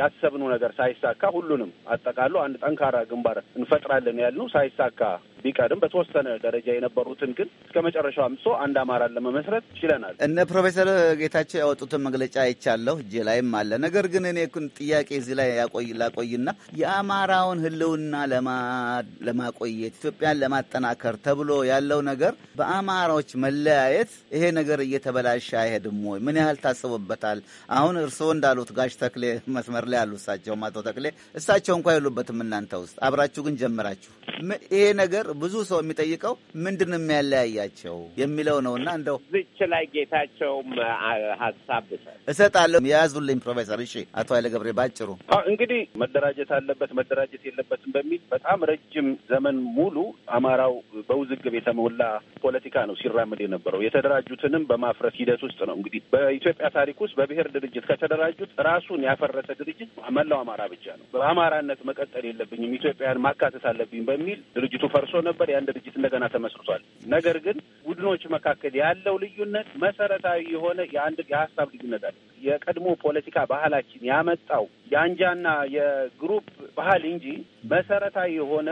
ያሰብኑ ነገር ሳይሳካ ሁሉንም አጠቃሉ አንድ ጠንካራ ግንባር እንፈጥራለን ያልነው ሳይሳካ ቢቀድም በተወሰነ ደረጃ የነበሩትን ግን እስከ መጨረሻው አምሶ አንድ አማራን ለመመስረት ችለናል። እነ ፕሮፌሰር ጌታቸው ያወጡትን መግለጫ አይቻለሁ፣ እጄ ላይም አለ። ነገር ግን እኔ ኩን ጥያቄ እዚህ ላይ ላቆይና የአማራውን ህልውና ለማቆየት ኢትዮጵያን ለማጠናከር ተብሎ ያለው ነገር በአማራዎች መለያየት ይሄ ነገር እየተበላሸ አይሄድም ወይ? ምን ያህል ታስቦበታል? አሁን እርስዎ እንዳሉት ጋሽ ተክሌ መስመር ላይ ያሉ እሳቸውም አቶ ተክሌ እሳቸው እንኳ የሉበትም እናንተ ውስጥ አብራችሁ ግን ጀምራችሁ ይሄ ነገር ብዙ ሰው የሚጠይቀው ምንድን ነው የሚያለያያቸው የሚለው ነው። እና እንደው ዝች ላይ ጌታቸውም ሀሳብ እሰጣለሁ የያዙልኝ ፕሮፌሰር። እሺ አቶ ኃይለ ገብሬ ባጭሩ እንግዲህ መደራጀት አለበት መደራጀት የለበትም በሚል በጣም ረጅም ዘመን ሙሉ አማራው በውዝግብ የተሞላ ፖለቲካ ነው ሲራምድ የነበረው። የተደራጁትንም በማፍረስ ሂደት ውስጥ ነው እንግዲህ በኢትዮጵያ ታሪክ ውስጥ በብሔር ድርጅት ከተደራጁት ራሱን ያፈረሰ ድርጅት መላው አማራ ብቻ ነው። በአማራነት መቀጠል የለብኝም ኢትዮጵያን ማካተት አለብኝ በሚል ድርጅቱ ፈርሶ ተመስርቶ ነበር። ያን ድርጅት እንደገና ተመስርቷል። ነገር ግን ቡድኖች መካከል ያለው ልዩነት መሰረታዊ የሆነ የአንድ የሀሳብ ልዩነት አለ። የቀድሞ ፖለቲካ ባህላችን ያመጣው የአንጃና የግሩፕ ባህል እንጂ መሰረታዊ የሆነ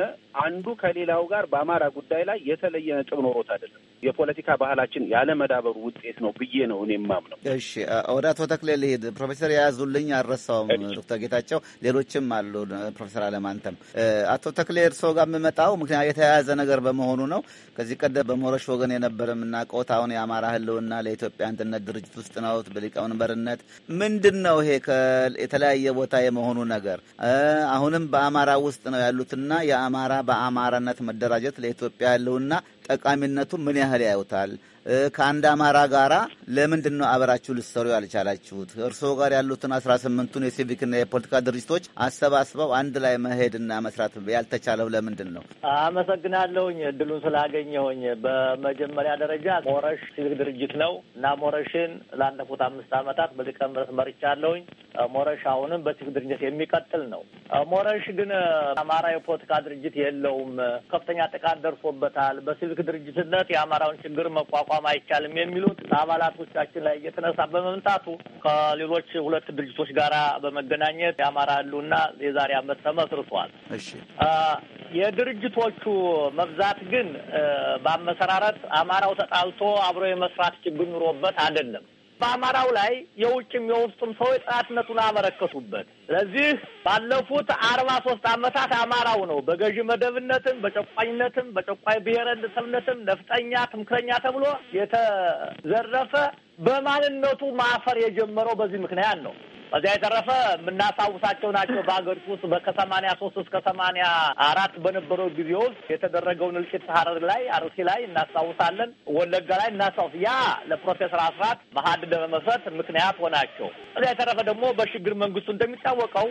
አንዱ ከሌላው ጋር በአማራ ጉዳይ ላይ የተለየ ነጥብ ኖሮት አይደለም። የፖለቲካ ባህላችን ያለመዳበሩ ውጤት ነው ብዬ ነው እኔ የማምነው። እሺ፣ ወደ አቶ ተክሌ ልሂድ። ፕሮፌሰር የያዙልኝ አልረሳውም፣ ዶክተር ጌታቸው ሌሎችም አሉ፣ ፕሮፌሰር አለማንተም አቶ ተክሌ እርስዎ ጋር የምመጣው ምክንያት የተያ የተያያዘ ነገር በመሆኑ ነው። ከዚህ ቀደም በሞረሽ ወገን የነበረ የምናውቀው አሁን የአማራ ህልውና ለኢትዮጵያ አንድነት ድርጅት ውስጥ ነው በሊቀመንበርነት። ምንድን ነው ይሄ የተለያየ ቦታ የመሆኑ ነገር? አሁንም በአማራ ውስጥ ነው ያሉትና የአማራ በአማራነት መደራጀት ለኢትዮጵያ ህልውና ጠቃሚነቱ ምን ያህል ያዩታል? ከአንድ አማራ ጋራ ለምንድን ነው አበራችሁ ልትሰሩ ያልቻላችሁት? እርስዎ ጋር ያሉትን አስራ ስምንቱን የሲቪክና የፖለቲካ ድርጅቶች አሰባስበው አንድ ላይ መሄድና መስራት ያልተቻለው ለምንድን ነው? አመሰግናለሁኝ እድሉን ስላገኘሁኝ። በመጀመሪያ ደረጃ ሞረሽ ሲቪክ ድርጅት ነው እና ሞረሽን ላለፉት አምስት ዓመታት በሊቀመንበርነት መርቻለሁኝ። ሞረሽ አሁንም በሲቪክ ድርጅት የሚቀጥል ነው። ሞረሽ ግን አማራ የፖለቲካ ድርጅት የለውም። ከፍተኛ ጥቃት ደርሶበታል። በሲቪክ ድርጅትነት የአማራውን ችግር መቋቋም መቃወም አይቻልም የሚሉት አባላቶቻችን ላይ እየተነሳ በመምጣቱ ከሌሎች ሁለት ድርጅቶች ጋራ በመገናኘት የአማራ ህልውና የዛሬ አመት ተመስርቷል። የድርጅቶቹ መብዛት ግን በአመሰራረት አማራው ተጣልቶ አብሮ የመስራት ችግር ኑሮበት አይደለም። በአማራው ላይ የውጭም የውስጡም ሰው ጠላትነቱን አበረከቱበት። ስለዚህ ባለፉት አርባ ሶስት አመታት አማራው ነው በገዢ መደብነትም በጨቋኝነትም በጨቋኝ ብሔረሰብነትም ነፍጠኛ፣ ትምክረኛ ተብሎ የተዘረፈ በማንነቱ ማፈር የጀመረው በዚህ ምክንያት ነው። በዚያ የተረፈ የምናስታውሳቸው ናቸው። በሀገሪቱ ውስጥ ከሰማኒያ ሶስት እስከ ሰማኒያ አራት በነበረው ጊዜ ውስጥ የተደረገውን እልቂት ሀረር ላይ አርሲ ላይ እናስታውሳለን። ወለጋ ላይ እናስታውስ። ያ ለፕሮፌሰር አስራት መሀድ ለመመስረት ምክንያት ሆናቸው። እዚያ የተረፈ ደግሞ በሽግግር መንግስቱ እንደሚታወቀው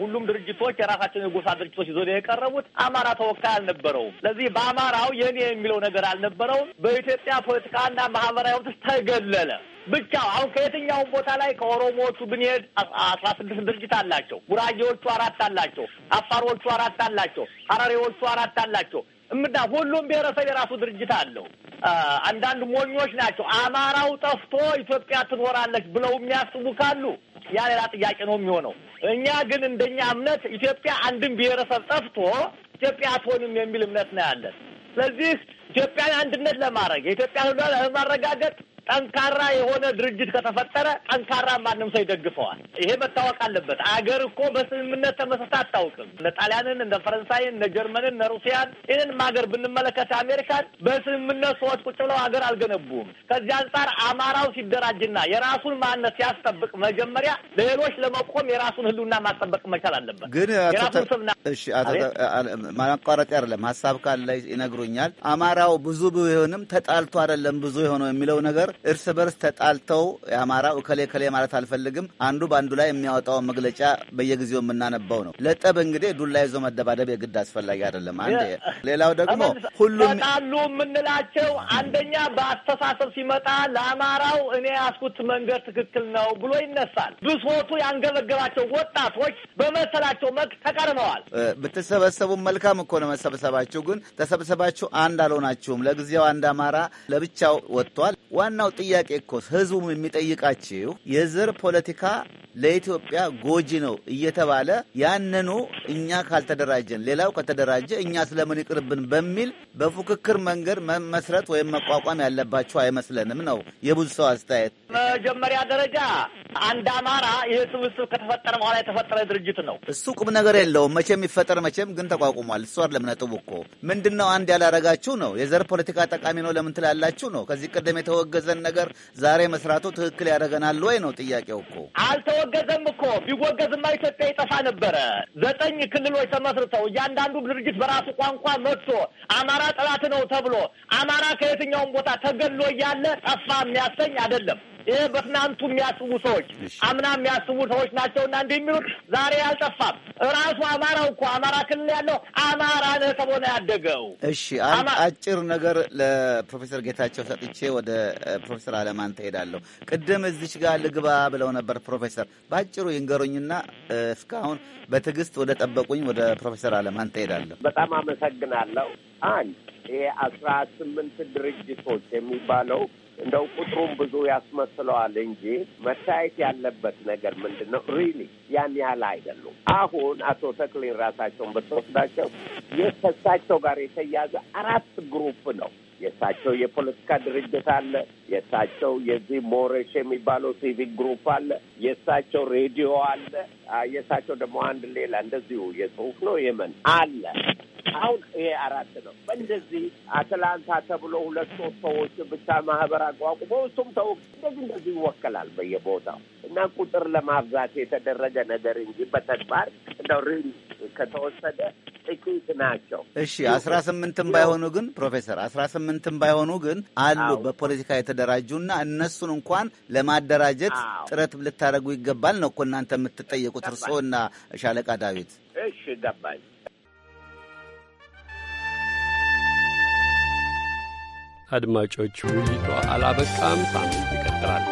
ሁሉም ድርጅቶች የራሳቸውን የጎሳ ድርጅቶች ይዞ የቀረቡት አማራ ተወካይ አልነበረውም። ስለዚህ በአማራው የኔ የሚለው ነገር አልነበረውም። በኢትዮጵያ ፖለቲካና ማህበራዊ ውስጥ ተገለለ። ብቻ አሁን ከየትኛውም ቦታ ላይ ከኦሮሞዎቹ ብንሄድ አስራ ስድስት ድርጅት አላቸው። ጉራጌዎቹ አራት አላቸው። አፋሮቹ አራት አላቸው። ሀረሬዎቹ አራት አላቸው። እምዳ ሁሉም ብሔረሰብ የራሱ ድርጅት አለው። አንዳንድ ሞኞች ናቸው። አማራው ጠፍቶ ኢትዮጵያ ትኖራለች ብለው የሚያስቡ ካሉ ያ ሌላ ጥያቄ ነው የሚሆነው። እኛ ግን እንደኛ እምነት ኢትዮጵያ አንድም ብሔረሰብ ጠፍቶ ኢትዮጵያ አትሆንም የሚል እምነት ነው ያለን። ስለዚህ ኢትዮጵያን አንድነት ለማድረግ የኢትዮጵያ ለማረጋገጥ ጠንካራ የሆነ ድርጅት ከተፈጠረ ጠንካራ ማንም ሰው ይደግፈዋል። ይሄ መታወቅ አለበት። አገር እኮ በስምምነት ተመስርታ አታውቅም። እነ ጣሊያንን፣ እነ ፈረንሳይን፣ እነ ጀርመንን፣ እነ ሩሲያን ይህንን ሀገር ብንመለከት አሜሪካን በስምምነት ሰዎች ቁጭ ብለው ሀገር አልገነቡም። ከዚህ አንጻር አማራው ሲደራጅና የራሱን ማንነት ሲያስጠብቅ መጀመሪያ ለሌሎች ለመቆም የራሱን ሕልውና ማስጠበቅ መቻል አለበት። ግን ማቋረጥ አይደለም ሀሳብ ካለ ይነግሩኛል። አማራው ብዙ ቢሆንም ተጣልቶ አይደለም ብዙ የሆነው የሚለው ነገር እርስ በርስ ተጣልተው የአማራው እከሌ እከሌ ማለት አልፈልግም፣ አንዱ በአንዱ ላይ የሚያወጣውን መግለጫ በየጊዜው የምናነባው ነው። ለጠብ እንግዲህ ዱላ ይዞ መደባደብ የግድ አስፈላጊ አይደለም። አንድ ሌላው ደግሞ ሁሉም ተጣሉ የምንላቸው አንደኛ በአስተሳሰብ ሲመጣ ለአማራው እኔ ያስኩት መንገድ ትክክል ነው ብሎ ይነሳል። ብሶቱ ያንገበገባቸው ወጣቶች በመሰላቸው መልክ ተቀርበዋል። ብትሰበሰቡ መልካም እኮ ነው መሰብሰባችሁ። ግን ተሰብሰባችሁ አንድ አልሆናችሁም። ለጊዜው አንድ አማራ ለብቻው ወጥቷል ዋና ዋናው ጥያቄ እኮ ህዝቡም የሚጠይቃችሁ የዘር ፖለቲካ ለኢትዮጵያ ጎጂ ነው እየተባለ ያንኑ እኛ ካልተደራጀን ሌላው ከተደራጀ እኛ ስለምን ይቅርብን በሚል በፉክክር መንገድ መመስረት ወይም መቋቋም ያለባቸው አይመስለንም ነው የብዙ ሰው አስተያየት። መጀመሪያ ደረጃ አንድ አማራ ይህ ስብስብ ከተፈጠረ በኋላ የተፈጠረ ድርጅት ነው። እሱ ቁም ነገር የለውም። መቼም ይፈጠር መቼም ግን ተቋቁሟል። እሷ ለምነጥቡ እኮ ምንድን ነው አንድ ያላረጋችሁ ነው የዘር ፖለቲካ ጠቃሚ ነው ለምን ትላላችሁ ነው ከዚህ ቀደም የተወገዘ የተወገዘን ነገር ዛሬ መስራቱ ትክክል ያደርገናል ወይ ነው ጥያቄው እኮ። አልተወገዘም እኮ ቢወገዝማ ኢትዮጵያ ይጠፋ ነበረ። ዘጠኝ ክልሎች ተመስርተው እያንዳንዱ ድርጅት በራሱ ቋንቋ መጥቶ አማራ ጠላት ነው ተብሎ አማራ ከየትኛውም ቦታ ተገሎ እያለ ጠፋ የሚያሰኝ አይደለም። ይህ በትናንቱ የሚያስቡ ሰዎች አምና የሚያስቡ ሰዎች እና እንዲህ የሚሉት ዛሬ አልጠፋም። ራሱ አማራው እኮ አማራ ክልል ያለው አማራ ነህ ተብሎ ነው ያደገው። እሺ አጭር ነገር ለፕሮፌሰር ጌታቸው ሰጥቼ ወደ ፕሮፌሰር አለማን ትሄዳለሁ። ቅድም እዚች ጋር ልግባ ብለው ነበር ፕሮፌሰር። በአጭሩ ይንገሩኝና እስካሁን በትዕግስት ወደ ጠበቁኝ ወደ ፕሮፌሰር አለማን ትሄዳለሁ። በጣም አመሰግናለሁ። አንድ ይሄ አስራ ስምንት ድርጅቶች የሚባለው እንደው ቁጥሩም ብዙ ያስመስለዋል እንጂ መታየት ያለበት ነገር ምንድን ነው? ሪሊ ያን ያህል አይደሉም። አሁን አቶ ተክሊን ራሳቸውን ብትወስዳቸው ከእሳቸው ጋር የተያዘ አራት ግሩፕ ነው። የእሳቸው የፖለቲካ ድርጅት አለ። የእሳቸው የዚህ ሞሬሽ የሚባለው ሲቪክ ግሩፕ አለ። የእሳቸው ሬዲዮ አለ። የእሳቸው ደግሞ አንድ ሌላ እንደዚሁ የጽሁፍ ነው የመን አለ። አሁን ይሄ አራት ነው። እንደዚህ አትላንታ ተብሎ ሁለት ሶስት ሰዎች ብቻ ማህበር አቋቁሞ እሱም ተው እንደዚህ እንደዚህ ይወከላል በየቦታው እና ቁጥር ለማብዛት የተደረገ ነገር እንጂ በተግባር እንደው ከተወሰደ ጥቂት ናቸው። እሺ አስራ ስምንትም ባይሆኑ ግን ፕሮፌሰር አስራ ስምንትም ባይሆኑ ግን አሉ በፖለቲካ የተደራጁ የተደራጁና እነሱን እንኳን ለማደራጀት ጥረት ልታደረጉ ይገባል ነው እኮ እናንተ የምትጠየቁት። እርስዎና ሻለቃ ዳዊት? እሺ ገባኝ። አድማጮች ውይይቱ አላበቃም፣ ሳምንት ይቀጥላል።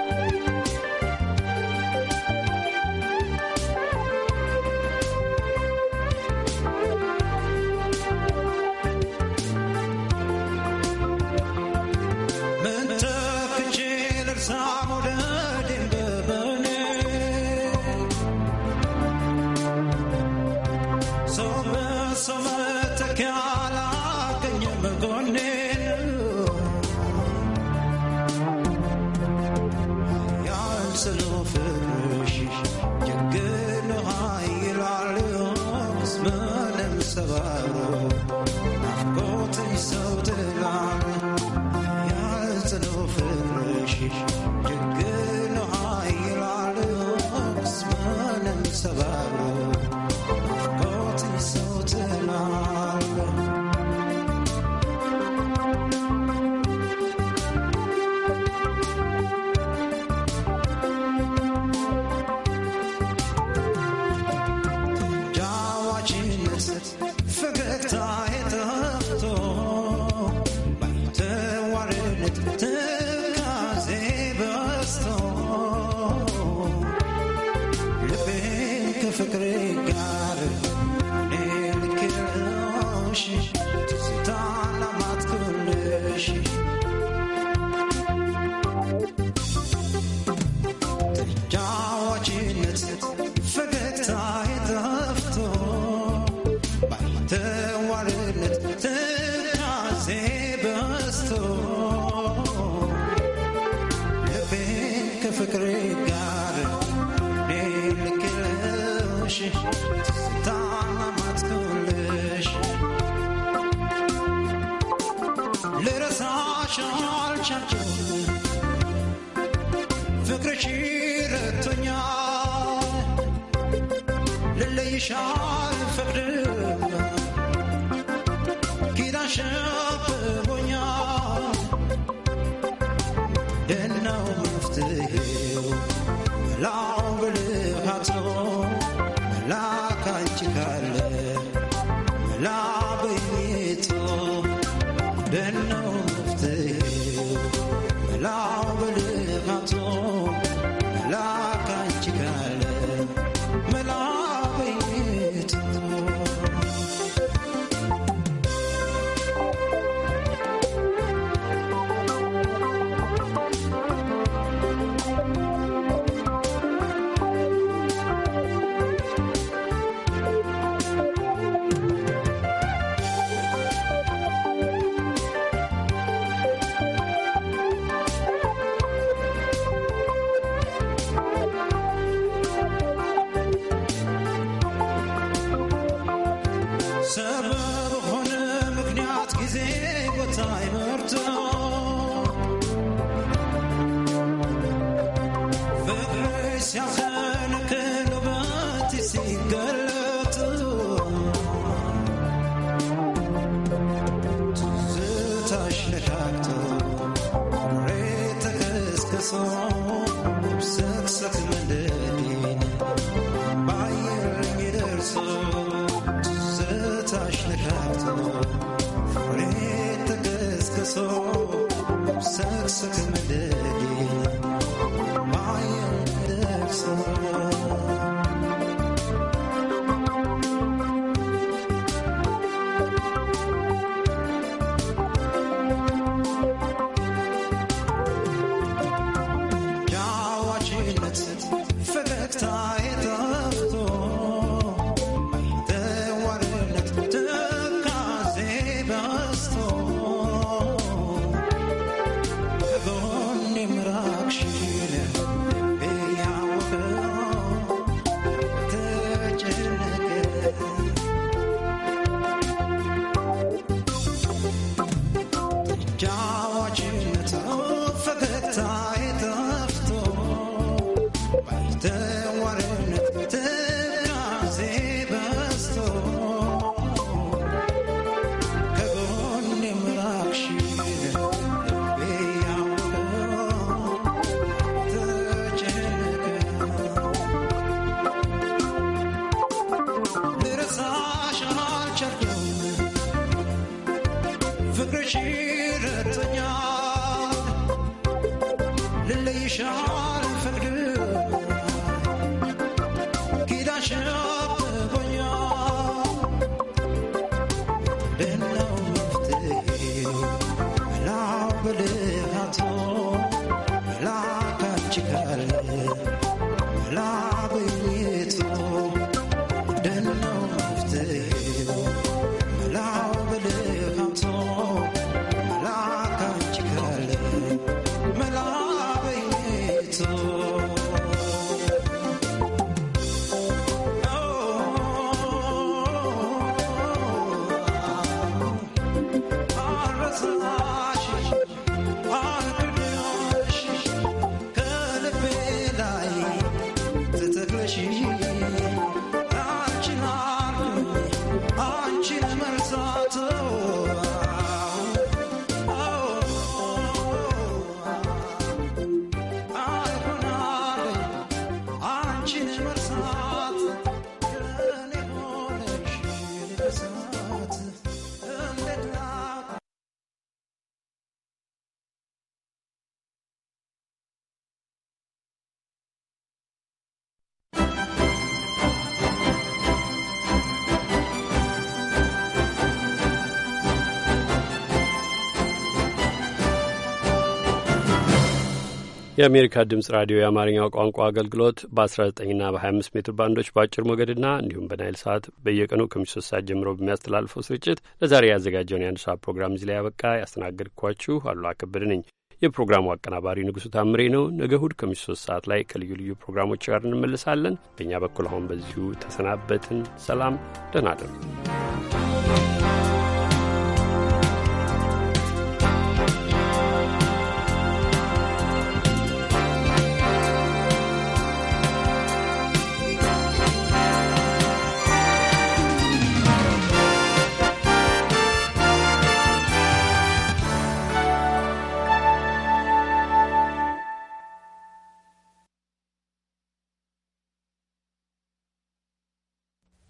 ላውቃቸው ፍቅርሽ ረቶኛል ልለይሻ good. የአሜሪካ ድምፅ ራዲዮ የአማርኛው ቋንቋ አገልግሎት በ19ና በ25 ሜትር ባንዶች በአጭር ሞገድና እንዲሁም በናይል ሰዓት በየቀኑ ከምሽቱ ሶስት ሰዓት ጀምሮ በሚያስተላልፈው ስርጭት ለዛሬ ያዘጋጀውን የአንድ ሰዓት ፕሮግራም እዚህ ላይ ያበቃ። ያስተናገድኳችሁ አሉላ ከበደ ነኝ። የፕሮግራሙ አቀናባሪ ንጉሡ ታምሬ ነው። ነገ እሁድ ከምሽቱ ሶስት ሰዓት ላይ ከልዩ ልዩ ፕሮግራሞች ጋር እንመልሳለን። በእኛ በኩል አሁን በዚሁ ተሰናበትን። ሰላም፣ ደህና እደሩ።